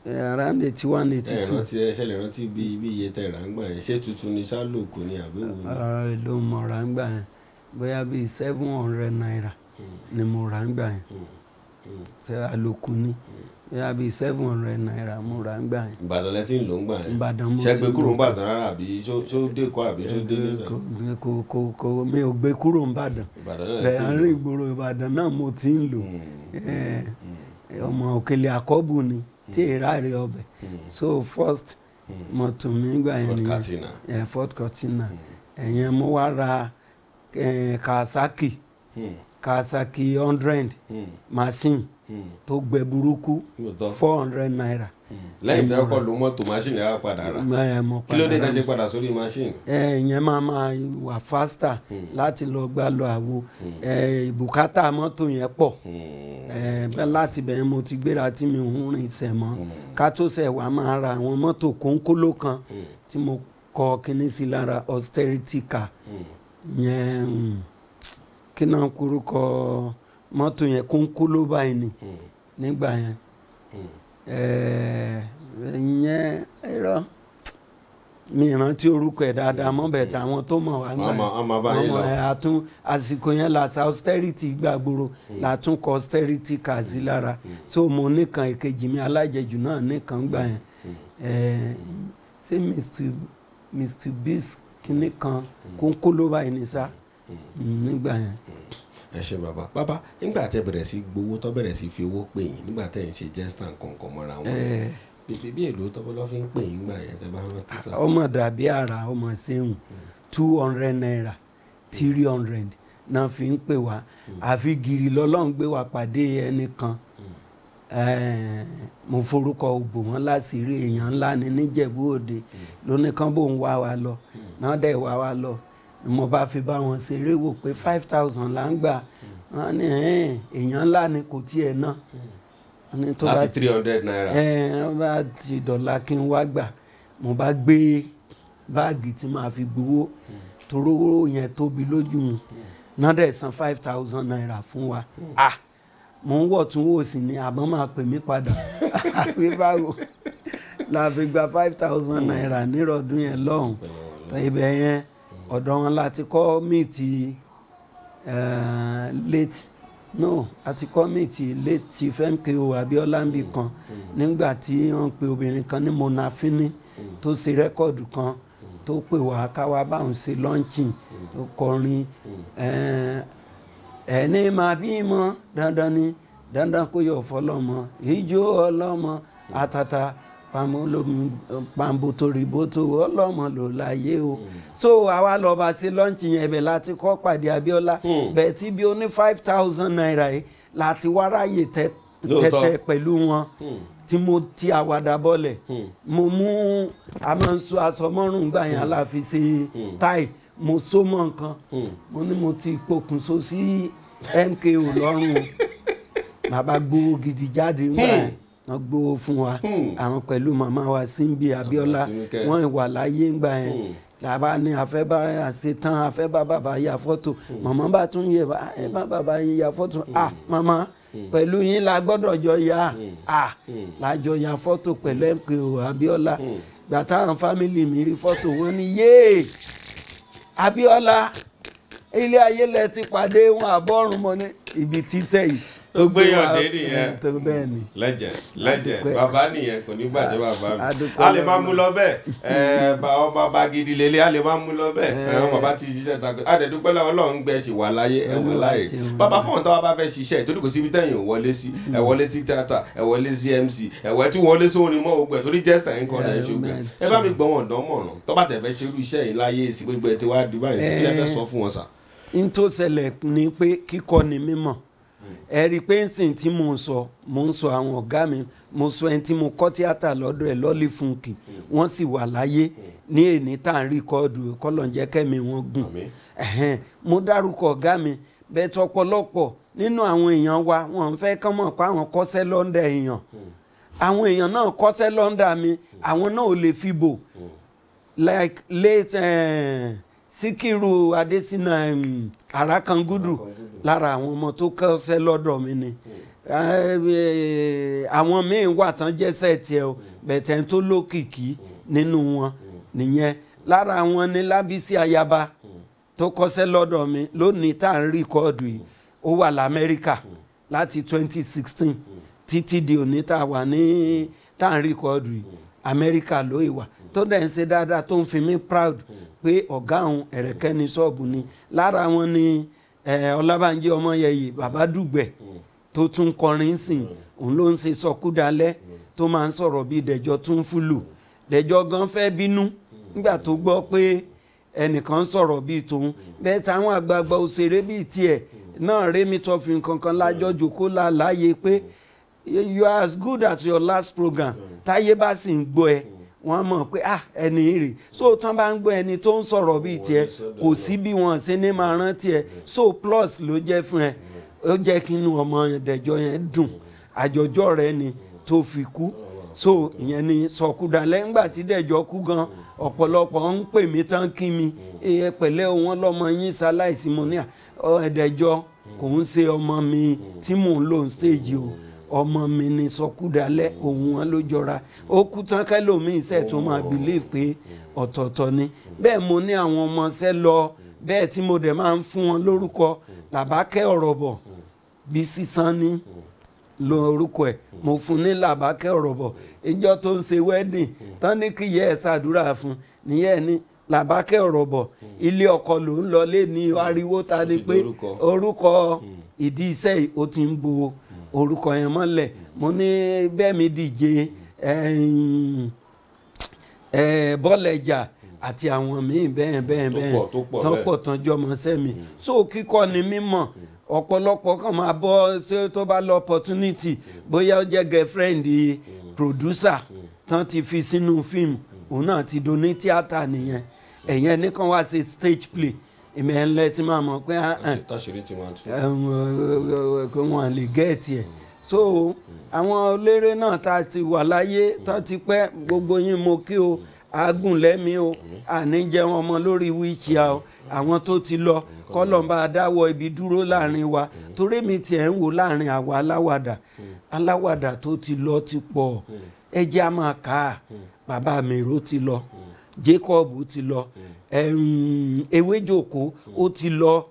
eh, around eighty one eighty two. ẹ rántí ẹ rántí bí bí iye tẹ rà yẹn ṣé tuntun ni ṣálò kò ní ni. ọ̀rọ̀ ah, mọ̀ àlòkù ni Ya bi seven hundred naira mo ń gbà yẹn. ìbàdàn lẹ ti ń gbà yẹn. ìbàdàn gbé kúrò ń rárá àbí ṣó dé kọ àbí ṣó dé lẹsẹ. kò kò kò mi ò gbé kúrò ń bàdàn. ìgboro ìbàdàn náà mo ti ń hmm. eh, eh, ọmọ òkèlè àkọ́bù ni tí hmm. ọbẹ̀ hmm. so first mọ̀tò mi gbà yẹn nìyẹn eh, ẹ̀yẹn mo Kawasaki hundred hmm. machine hmm. tó gbẹ burúkú four hundred naira. Hmm. lẹ́yìn tí wọ́n kọ́ ló mọ́tò machine lẹ́wọ́ padà rà kí ló dé tẹ́ ṣe padà sórí machine. ẹ ìyẹn máa máa wà fásità láti lọ gbá lọ àwo bùkátà mọ́tò yẹn pọ̀ láti bẹ̀rẹ̀ mo ti gbéra tí mi ń rìn sẹ̀ mọ́ ká tó sẹ̀ wá máa ra àwọn mọ́tò kónkóló kan tí mo kọ kíní sí lára austerity car yẹn. Mm. mm kí náà korúkọ mọ́tò yẹn kónkóló báyìí ni hmm. nígbà yẹn hmm. eh, ẹ̀yìn yẹn irọ́ mi ìrántí orúkọ ẹ̀ dáadáa mọ́ bẹ̀ tí hmm. àwọn tó mọ̀ wá ń gbà yẹn àtún àsìkò yẹn láti austerity gbàgbóró látún kọ austerity kàzí lára so mo nìkan èkejì mi alájẹjù náà nìkan gbà yẹn eh, ṣé mr mr bisk kìnnìkan kónkóló báyìí ni sá nígbà yẹn. ẹ ṣe bàbá bàbá nígbà tẹ bẹ̀rẹ̀ sí gbowó tó bẹ̀rẹ̀ sí fi owó pè yín nígbà tẹ ń ṣe jẹ́sítà kankan mọ́ra wọn bèbè bí èlò tọ́wọ́ lọ́ fi ń pè yín gbà yẹn tẹ bá rántí sá. ọmọ dàbí ara ọmọ sẹ́hùn two hundred naira three hundred náà fi ń pè wá àfi gìrì lọ́lọ́run gbé wa pàdé ẹnìkan mo forúkọ ògbò wọn láti rí èèyàn ńlá ní níjẹ̀bú òde lónìkan bò ń wá wa lọ náà dẹ̀ wá wa lọ. Mm ni mo bá fi bá wọn ṣeré wò pé five thousand là ń gbà hmm. wọn ní èèyàn ńlá ni kò tiẹ̀ ná. láti three hundred naira. ẹ ẹ bá ti dọ̀là kí n wá gbà mo bá gbé báàgì tí màá fi gbowó hmm. torówó yẹn tóbi lójú mi hmm. náà dẹ̀ san five thousand naira fún wa. ah mo ń wọ̀ tún wò sí ni àbọ̀n máa pè mí padà àbí báwo la fi gba five thousand naira nírọ̀dún yẹn lọ́hùn-ún ibẹ̀ yẹn ọ̀dọ̀ wọn láti kọ́ míìtì eh, late no àti kọ́ míìtì late ti FMKO Abiola ń bì kan nígbà tí wọ́n pe obìnrin kan ní Mona Fini tó ṣe rẹ́kọ̀dù kan tó pè wá káwá báwọn ṣe lọ́ńchìn tó kọrin eh, ẹni máa bímọ dandan ni dandan kó yọ ọ̀fọ́ lọ́mọ ìjó ọlọ́mọ àtàtà pamọ́ lómi pambo toríbótó ọlọ́mọ ló láyé o so àwa lọ́ọ́ bá ṣe lọ́ǹchì yẹn ẹ̀bẹ̀ láti kọ́ pàdé Abíọ́lá hmm. bẹ́ẹ̀ tí bí ó ní five thousand naira yìí láti wá ráyè tẹ́tẹ́ pẹ̀lú wọn hmm. tí mo ti àwàdà bọ́lẹ̀ hmm. mo mú amánsó asọmọ́rùn gbà yẹn aláfi ṣe táì mo so mọ́ nǹkan mo ní mo ti pokùnso sí MKO lọ́rùn o bàbá gbowó gidi jáde ńgbà yẹn wọ́n gbowó fún wa hmm. àwọn pẹ̀lú màmá wa Simbi Abiola wọ́n wà láyé ńgbà yẹn hmm. tàbá ni àfẹ́bá àṣetán àfẹ́bá bàbá ya fọ́tò hmm. màmá bá tún yẹ ah, bá bàbá yín ya fọ́tò ah màmá pẹ̀lú yín la gbọ́dọ̀ jọ ya ah lájọ ya fọ́tò pẹ̀lú ẹ̀kẹ́ o Abiola gbàtà àwọn fámìlì mi rí fọ́tò wọn ni yéè Abiola ilé ayé lẹ ti pàdé wọn àbọ̀rùn mọ́ ní ibi tí sẹ́yìn tó gbéyàn dé nìyẹn eh, lẹ́jẹ̀ lẹ́jẹ̀ bàbá nìyẹn kò ní gbàjẹ́ bàbá mi eh, a lè máa mú lọ bẹ́ẹ̀ ọmọ bá gidi lélẹ̀ a lè máa mú lọ bẹ́ẹ̀ ọmọ bá ti ṣiṣẹ́ ta a dẹ̀ dúpẹ́ lọ́wọ́ Ọlọ́run gbẹ ṣì wà láyé ẹ wà láyé bàbá fún ọ̀tá wa bá fẹ́ ṣiṣẹ́ ìtòdì kò síbi tẹ̀yìn ò wọlé sí ẹ hmm. wọlé sí tíátà ẹ wọlé sí MC ẹ wọ tí wọlé sórin mọ́ ogun ẹ̀ torí jẹ́sà ń kọ́ náà ṣùgbọ́n n ẹ rí i pé ń sìn tí mò ń sọ mò ń sọ àwọn ọ̀gá mi mo sọ ẹni tí mo kọ́ tíátà lọ́dọ̀ ẹ̀ lọ́lí fúnkì wọ́n sì wà láyé ní èní tá à ń rìkọ́ọ̀dù kọ́lọ̀njẹ́ kẹ́mi wọn gùn mo dárúkọ ọ̀gá mi bẹ́ẹ̀ tọpọlọpọ̀ nínú àwọn èèyàn wa wọn fẹ́ kán mọ̀ pé àwọn kọ́ṣẹ́ lọ́ndà èèyàn àwọn èèyàn náà kọ́ṣẹ́ lọ́ndà mi àwọn náà ò lè fi bò hmm. like late. Uh, síkírù adésínà àràkàngúdù lára àwọn ọmọ tó kọ́ṣẹ́ lọ́dọ̀ mi ni hmm. ah, eh, àwọn míì wà tán jẹ́sẹ̀ tiẹ̀ o hmm. bẹ̀tẹ̀ tó lókìkí hmm. nínú wọn nìyẹn lára àwọn ni lábísí ayaba tó kọ́ṣẹ́ lọ́dọ̀ mi lónìí tá à ń rìkọ́ọ̀dù yìí ó wà lamẹ́ríkà láti 2016 títí di òní tá a wà ní tá à ń rìkọ́ọ̀dù yìí amẹ́ríkà ló ìwà tó dẹ̀ ń ṣe dáadáa tó ń fi mí proud pé ọ̀gá òun ẹ̀rẹ̀kẹ́ ni ṣọ́ọ̀bù ni lára wọn ni ọlábànjí ọmọyẹyẹ bàbá dùgbẹ̀ tó tún kọrin sìn òun ló ń ṣe sọkúdalẹ́ tó máa ń sọ̀rọ̀ bíi dẹ̀jọ́ tún fúlù dẹ̀jọ́ gan fẹ́ bínú nígbà tó gbọ́ pé ẹnìkan sọ̀rọ̀ bíi tòun bẹ́ẹ̀ táwọn àgbààgbà òṣèré bíi tiẹ̀ náà rémi tọfin kankan lájọjù kó láàyè pé you are as good as your last program táyé bá sì ń gbọ́ ẹ wọ́n mọ̀ pé ah ẹni rè so tán bá ń gbọ́ ẹni tó ń sọ̀rọ̀ bíi tiẹ̀ kò sí bí wọ́n ṣe ní máa rántí ẹ so plus ló jẹ́ fún ẹ ó jẹ́ kí inú ọmọ ìdẹ̀jọ yẹn dùn àjọjọ́ rẹ ni tó fi kú so ìyẹn ni sọkúdalẹ̀ ńgbà tí dẹ̀jọ kú gan ọ̀pọ̀lọpọ̀ ń pè mí tán kí mi ẹ pẹ̀lẹ́ wọn lọ́mọ yín ṣaláìsí mo ní ẹ̀dẹ̀jọ kò ń ṣe ọmọ mi tí mò ń lò ń ṣèjì o ọmọ mi ni sọkúdalẹ́ òun wọn ló jọra ó kú tán kẹlòmíì sẹ́ẹ̀ tó máa oh. believe pé ọ̀tọ̀ọ̀tọ̀ ni bẹ́ẹ̀ mo ní àwọn ọmọ sẹ́ lọ bẹ́ẹ̀ tí mo dẹ̀ máa ń fún wọn lórúkọ làbákẹ́ ọ̀rọ̀ bọ̀ bí sísan ní lo orúkọ ẹ̀ mo fún ní làbákẹ́ ọ̀rọ̀ bọ̀ ìjọ tó ń ṣe wedding tán ní kí ìyá ẹ̀ ṣàdúrà fún níyẹn ní làbákẹ́ ọ̀rọ̀ bọ̀ ilé ọkọ ló ń lọ lé ní ariwo ta ni pé orúkọ ìdí iṣẹ́ ò ti ń bo orúkọ yẹn mọ́lẹ̀ mo ní bẹ́ẹ̀mí díje bọ́lẹ̀jà àti àwọn míì bẹ́ẹ̀ bẹ́ẹ̀ bẹ́ẹ̀ tán pọ̀ tán jọmọ sẹ́mi so kíkọ́ ni mímọ̀ ọ̀pọ̀lọpọ̀ kan máa bọ́ tó bá lọ opportunity bóyá ó jẹ́ girlfriend producer tán ti fi sínú fíìmù òun náà ti do ní nìyẹn ẹ̀yẹn nìkan wá sí stage play ìmẹ̀ ńlẹ̀ tí máa mọ̀ pé kí wọ́n lè gẹ̀ẹ́tì ẹ̀ so àwọn eléré náà ta ti wà láyé tó ti pẹ́ gbogbo yín mo kí o àágùn lẹ́mí o àní jẹun ọmọ lórí wíìchìá o àwọn tó ti lọ kọlọ́mbà dáwọ́ ibi dúró láàrin wa torí mi tiẹ̀ ń wò láàrin àwa aláwàdà aláwàdà tó ti lọ ti pọ̀ ẹ jẹ́ a máa kà á bàbá ti lọ Jacob ti lọ ewéjòkó ó ti lọ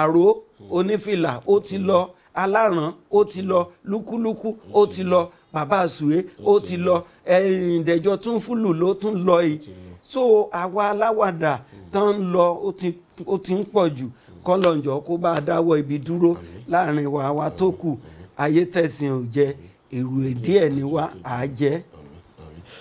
àró onífìlà ó ti lọ aláràn ó ti lọ lúkúlúkú ó ti lọ bàbá àsùwé ó ti lọ ìdẹjọ tún fúlù ló tún lọ yìí so àwa aláwàdà tán ń lọ ó ti ń pọ̀ jù kọ́lọ̀njọ́ kó bá a dáwọ́ ibi dúró láàrin wa wa tó kù ayé tẹ̀sìn ò jẹ èrò díẹ̀ ni wa à jẹ́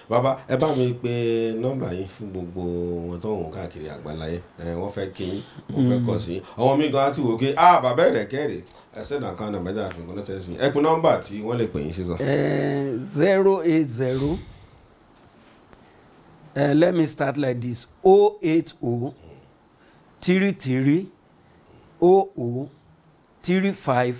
bàbá ẹ bá mi pe nọ́mbà yín fún gbogbo wọn tó ń káàkiri àgbáláyé ẹ wọ́n fẹ́ kí yín wọ́n fẹ́ kàn sí ọmọ mi gan ti wò ó pé a bàbá ẹ̀rẹ̀ kẹ́rẹ̀ ẹ sẹ́dà kan náà mẹ́ta àfihàn kan lọ́sẹ̀ sí ẹ pin nọ́mbà tí wọ́n lè pè yín sísan. zero eight zero let me start like this o eight o three three o o three five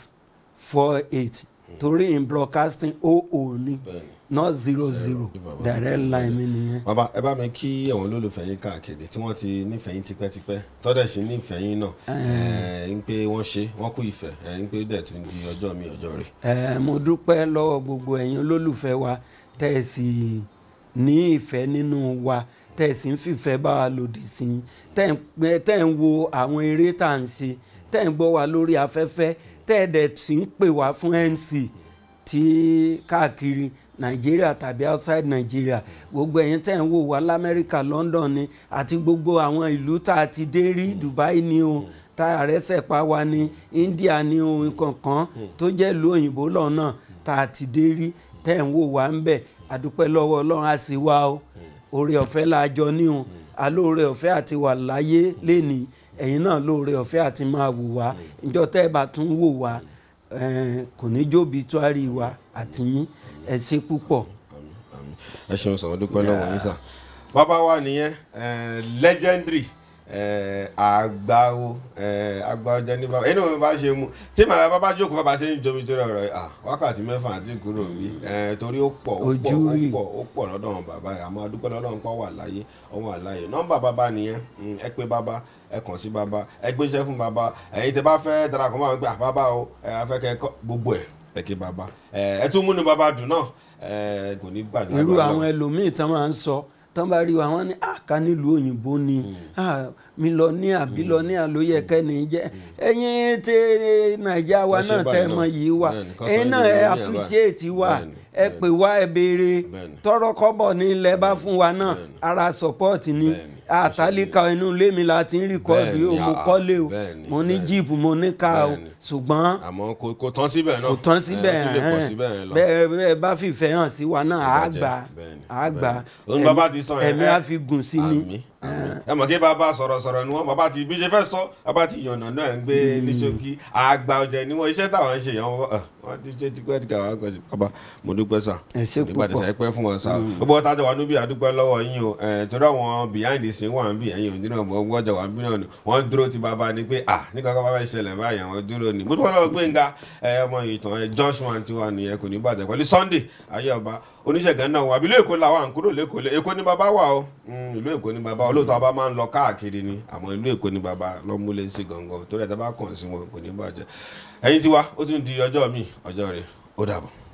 four eight torí in broadcasting o o ni. Bẹ́ẹ̀ni not zero zero direct line mi nìyẹn. bàbá ẹ bá mi kí àwọn olólùfẹ́ yín káàkiri tí wọ́n ti nífẹ̀ẹ́ yín tipẹ́tipẹ́ tọ́dẹ̀ sí nífẹ̀ẹ́ yín náà ń pé wọ́n ṣe wọ́n kú ìfẹ́ ń pé dẹ̀ tún di ọjọ́ mi ọjọ́ rẹ̀. ẹ mo dúpẹ́ lọ́wọ́ gbogbo ẹ̀yin olólùfẹ́ wa tẹ́ ẹ ní ìfẹ́ nínú wa tẹ́ ẹ ń fìfẹ́ bá wa lòdì sí i tẹ́ ẹ ń wo àwọn eré tá ń ṣe tẹ́ ń gbọ́ wa lórí afẹ́fẹ́ tẹ́ dẹ̀ sì ń pè wá fún MC tí káàkiri nàìjíríà tàbí outside nàìjíríà gbogbo ẹ̀yin tẹ̀ ń wò wá lamẹ́ríkà london ni àti gbogbo àwọn ìlú tá a ti dé rí dubai ni o tá a rẹ́sẹ̀ pa wa ni india ni o nǹkankan tó jẹ́ ìlú òyìnbó lọ́nà tá a ti dé rí tẹ̀ ń wò wá ń bẹ̀ àdúpẹ́ lọ́wọ́ ọlọ́run á sì wá o oore ọ̀fẹ́ la jọ ní o alóore ọ̀fẹ́ àti wà láyé lénìí ẹ̀yin náà lóore ọ̀fẹ́ àti máa wò wá ǹjọ́ tẹ́ ẹ bá tún wò wá kò ní jóbi tuari wa àti yín ẹ ṣe púpọ̀. ẹ ṣeun sọ̀rọ̀ dúpẹ́ lọ́wọ́ yín sà bàbá wa nìyẹn legendary àgbáwo àgbáwo jẹ ní bàbá ẹni òun bá ṣe mu tí màdà bàbá jókòó bàbá ṣe ń jomi torí ọ̀rọ̀ ẹ̀ wákàtí mẹ́fà àti kúrò mi eh, torí ó pọ̀ ó pọ̀ ó pọ̀ ó pọ̀ lọ́dọ̀ wọn bàbá yẹn àmọ́ adúpẹ́ lọ́dọ̀ wọn pa wà láyé ọwọ́ àláyé nọ́mbà bàbá nìyẹn hmm, ẹ pé bàbá ẹ kàn sí bàbá ẹ gbéṣẹ́ fún bàbá ẹ̀yin tẹ́ bá fẹ́ darapọ̀ máa gbé àbábá o ẹ afẹ́kẹ́ gbogbo ẹ̀ ẹ kí bàbá eh, ẹ tún múnú bàbá dùn náà ẹ eh, kò ní bàjẹ́ bàbá tán bá rí wa wọ́n ní àká nílùú òyìnbó ni hmm. mi lọ ní àbí lọ ní hmm. àlóyè hmm. kẹ́ni jẹ́ ẹ̀yin tí nàìjíríà wa náà tẹ́ mọ yìí wa ẹ̀yin náà ẹ appreciate wa ẹ pè wá ẹ béèrè tọrọ kọ́bọ̀ ní ilẹ̀ bá fún wa náà ara support ni. Ben àtàlíkà inú ilé mi la ti ń rìkọ́ọ̀dù yóò mo ah, kọ́lé o mo ní jíìpù mo ní ká o ṣùgbọ́n àmọ́ kò tán síbẹ̀ náà kò tán síbẹ̀ bẹ́ẹ̀ bẹ́ẹ̀ bá fìfẹ́ hàn sí wa náà àá gbà àá gbà ẹ̀mí á fi gùn sí ni ẹ mọ̀ kí bàbá sọ̀rọ̀sọ̀rọ̀ ni wọ́n bàbá ti bí ṣe fẹ́ sọ bàbá ti yànnà náà ń gbé hmm. ní ṣókí àgbà ọ̀jẹ̀ ni wọ́n iṣẹ́ táwọn ń ṣe yàn wọ́n ti ṣe tipẹ́ tí káwọn kọ̀ sí bàbá mo dúpẹ́ sà nígbàdí sà pẹ́ fún wọn sà hmm. gbogbo ọ̀tá jọ wà níbi àdúpẹ́ lọ́wọ́ yín o torí àwọn behind the scene wà ń bì ẹ̀yìn òdì náà wọ́n jọ wà ń bì náà ni wọ́n dúró ti bàbá ni pé ah nígbà kan bàbá ìṣẹ̀lẹ̀ báyìí àwọn dúró ni mo dúpẹ́ lọ́wọ́ Gbénga ọmọ ìtàn Joshua tiwa oníṣẹ̀gàn náà wà ìlú èkó làwọn à ń kúrò lẹ́kọ̀ọ́ èkó ni baba wà ó ìlú èkó ni baba, olóòótọ́ bá máa ń lọ káàkiri ni àmọ́ ìlú èkó ni baba, lọ́múlẹ̀ sí gangan torí ẹ̀ tá bá kàn sí wọn kò ní bàjẹ́ ẹ̀yin tiwa ó tún di ọjọ́ mi ọjọ́ rẹ̀ ó dàbọ̀.